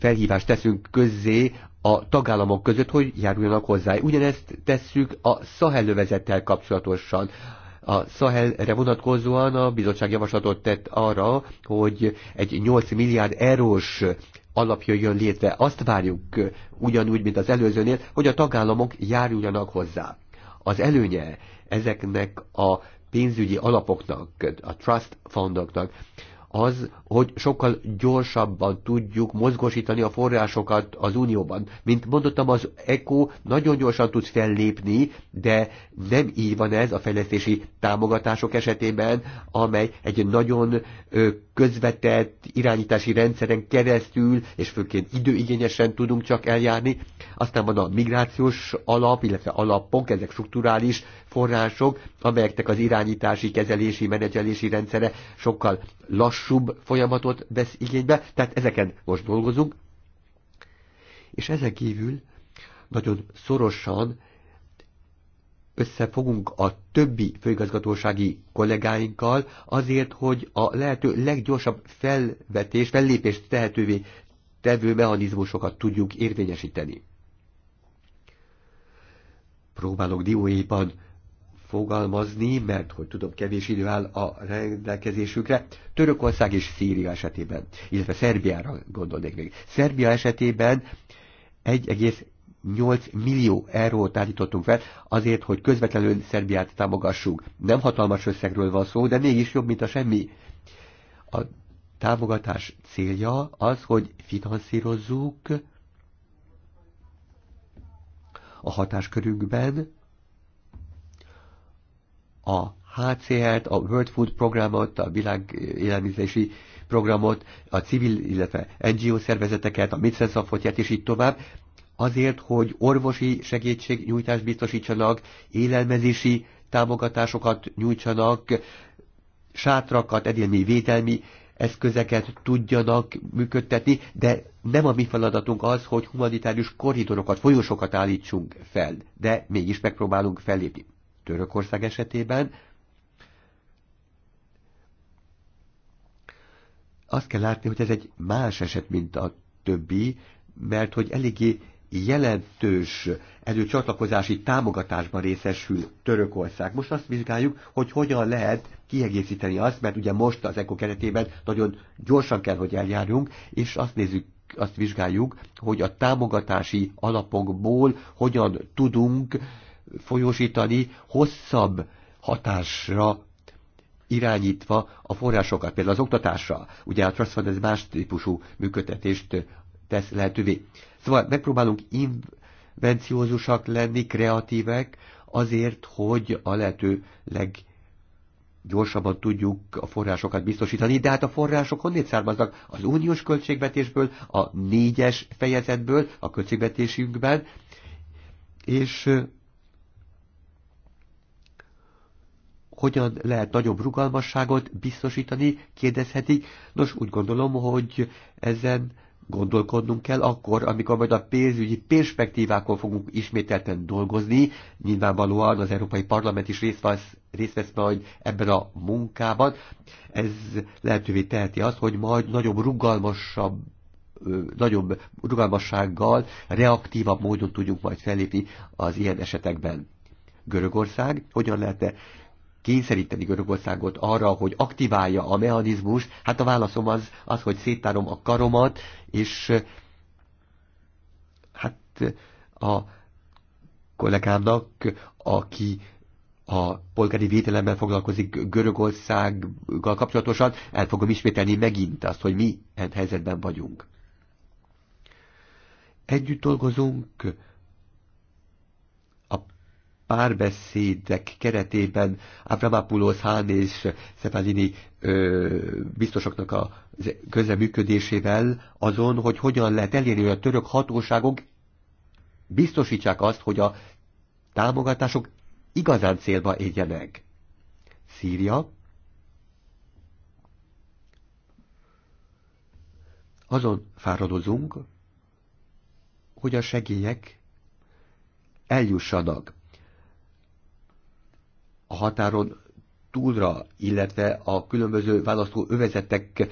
felhívást teszünk közzé a tagállamok között, hogy járuljanak hozzá. Ugyanezt tesszük a Szahelövezettel kapcsolatosan. A Szahelre vonatkozóan a bizottság javaslatot tett arra, hogy egy 8 milliárd erős alapja jön létre. Azt várjuk ugyanúgy, mint az előzőnél, hogy a tagállamok járuljanak hozzá. Az előnye ezeknek a pénzügyi alapoknak, a trust fundoknak, az, hogy sokkal gyorsabban tudjuk mozgosítani a forrásokat az Unióban. Mint mondottam, az ECO nagyon gyorsan tud fellépni, de nem így van ez a fejlesztési támogatások esetében, amely egy nagyon közvetett irányítási rendszeren keresztül, és főként időigényesen tudunk csak eljárni. Aztán van a migrációs alap, illetve alapok, ezek strukturális források, amelyeknek az irányítási, kezelési, menedzselési rendszere sokkal lassúbb folyamatot vesz igénybe, tehát ezeken most dolgozunk. És ezen kívül nagyon szorosan összefogunk a többi főigazgatósági kollégáinkkal azért, hogy a lehető leggyorsabb felvetés, fellépést tehetővé tevő mechanizmusokat tudjuk érvényesíteni. Próbálok dióéjban fogalmazni, mert hogy tudom, kevés idő áll a rendelkezésükre, Törökország és Szíria esetében, illetve Szerbiára gondolnék még. Szerbia esetében 8 millió eurót állítottunk fel azért, hogy közvetlenül Szerbiát támogassuk. Nem hatalmas összegről van szó, de mégis jobb, mint a semmi. A támogatás célja az, hogy finanszírozzuk a hatáskörünkben a HCR-t, a World Food programot, a világ élelmiszerési programot, a civil, illetve NGO szervezeteket, a Mitsenszafotját és így tovább, azért, hogy orvosi segítségnyújtást biztosítsanak, élelmezési támogatásokat nyújtsanak, sátrakat, edélmi védelmi eszközeket tudjanak működtetni, de nem a mi feladatunk az, hogy humanitárius korridorokat, folyosokat állítsunk fel, de mégis megpróbálunk fellépni. Törökország esetében azt kell látni, hogy ez egy más eset, mint a többi, mert hogy eléggé jelentős előcsatlakozási támogatásban részesül Törökország. Most azt vizsgáljuk, hogy hogyan lehet kiegészíteni azt, mert ugye most az ECO keretében nagyon gyorsan kell, hogy eljárjunk, és azt nézzük, azt vizsgáljuk, hogy a támogatási alapokból hogyan tudunk folyósítani hosszabb hatásra irányítva a forrásokat, például az oktatásra. Ugye a Trust Fund ez más típusú működtetést tesz lehetővé. Szóval megpróbálunk invenciózusak lenni, kreatívek, azért, hogy a lehető leggyorsabban tudjuk a forrásokat biztosítani, de hát a források honnét származnak? Az uniós költségvetésből, a négyes fejezetből, a költségvetésünkben, és hogyan lehet nagyobb rugalmasságot biztosítani, kérdezhetik. Nos, úgy gondolom, hogy ezen gondolkodnunk kell akkor, amikor majd a pénzügyi perspektívákon fogunk ismételten dolgozni. Nyilvánvalóan az Európai Parlament is részt vesz, részt vesz majd ebben a munkában. Ez lehetővé teheti azt, hogy majd nagyobb rugalmasabb nagyobb rugalmassággal, reaktívabb módon tudjuk majd fellépni az ilyen esetekben. Görögország hogyan lehetne kényszeríteni Görögországot arra, hogy aktiválja a mechanizmus, hát a válaszom az, az hogy széttárom a karomat, és hát a kollégámnak, aki a polgári védelemmel foglalkozik Görögországgal kapcsolatosan, el fogom ismételni megint azt, hogy mi helyzetben vagyunk. Együtt dolgozunk, párbeszédek keretében Avramapulos, Hán és Szepalini biztosoknak a közreműködésével azon, hogy hogyan lehet elérni, hogy a török hatóságok biztosítsák azt, hogy a támogatások igazán célba érjenek. Szíria azon fáradozunk, hogy a segélyek eljussanak a határon túlra, illetve a különböző választó övezetek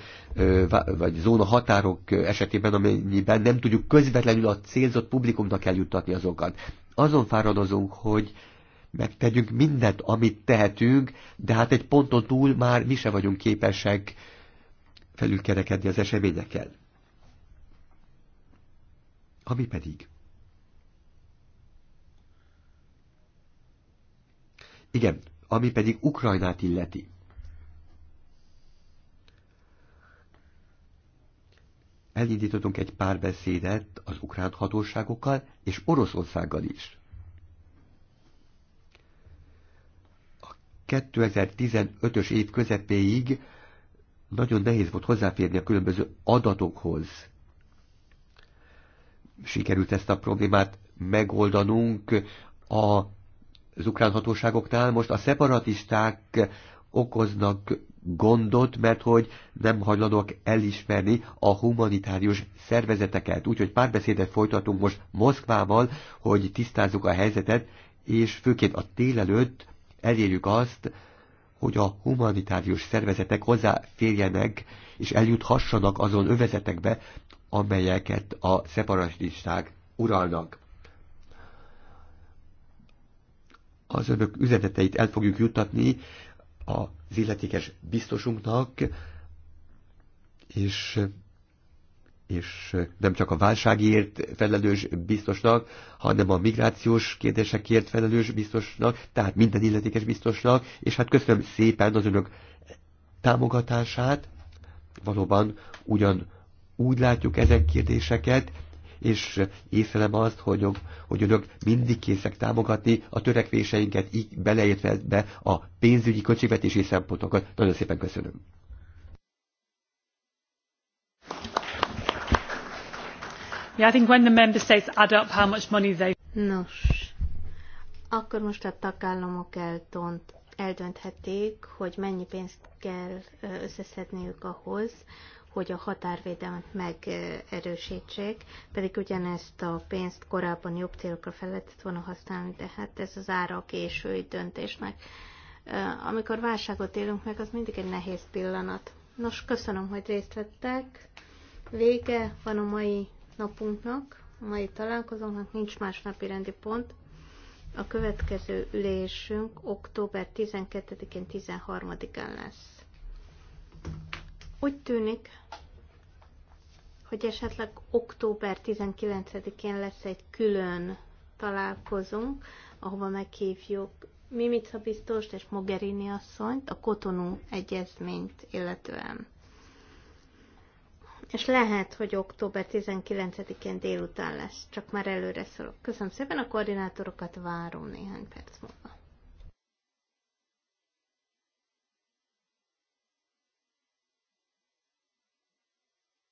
vagy zóna határok esetében, amennyiben nem tudjuk közvetlenül a célzott publikumnak eljuttatni azokat. Azon fáradozunk, hogy megtegyünk mindent, amit tehetünk, de hát egy ponton túl már mi se vagyunk képesek felülkerekedni az eseményekkel. Ami pedig Igen, ami pedig Ukrajnát illeti. Elindítottunk egy pár beszédet az ukrán hatóságokkal és Oroszországgal is. A 2015-ös év közepéig nagyon nehéz volt hozzáférni a különböző adatokhoz. Sikerült ezt a problémát megoldanunk a az ukrán hatóságoknál. Most a szeparatisták okoznak gondot, mert hogy nem hajlandóak elismerni a humanitárius szervezeteket. Úgyhogy párbeszédet folytatunk most Moszkvával, hogy tisztázzuk a helyzetet, és főként a tél előtt elérjük azt, hogy a humanitárius szervezetek hozzáférjenek és eljuthassanak azon övezetekbe, amelyeket a szeparatisták uralnak. az önök üzeneteit el fogjuk juttatni az illetékes biztosunknak, és, és nem csak a válságért felelős biztosnak, hanem a migrációs kérdésekért felelős biztosnak, tehát minden illetékes biztosnak, és hát köszönöm szépen az önök támogatását, valóban ugyan úgy látjuk ezek kérdéseket, és észrelem azt, hogy, hogy önök mindig készek támogatni a törekvéseinket, így beleértve be a pénzügyi költségvetési szempontokat. Nagyon szépen köszönöm. Yeah, I think when the member states add up how much money they... Nos, akkor most a tagállamok eltont, eldönthetik, hogy mennyi pénzt kell összeszedniük ahhoz, hogy a határvédelmet megerősítsék, pedig ugyanezt a pénzt korábban jobb célokra fel lehetett volna használni, de hát ez az ára a késői döntésnek. Amikor válságot élünk meg, az mindig egy nehéz pillanat. Nos, köszönöm, hogy részt vettek. Vége van a mai napunknak, a mai találkozónak, nincs más napi rendi pont. A következő ülésünk október 12-én 13-án lesz. Úgy tűnik, hogy esetleg október 19-én lesz egy külön találkozunk, ahova meghívjuk Mimica biztost és Mogherini asszonyt a Kotonú egyezményt illetően. És lehet, hogy október 19-én délután lesz, csak már előre szólok. Köszönöm szépen, a koordinátorokat várom néhány perc múlva.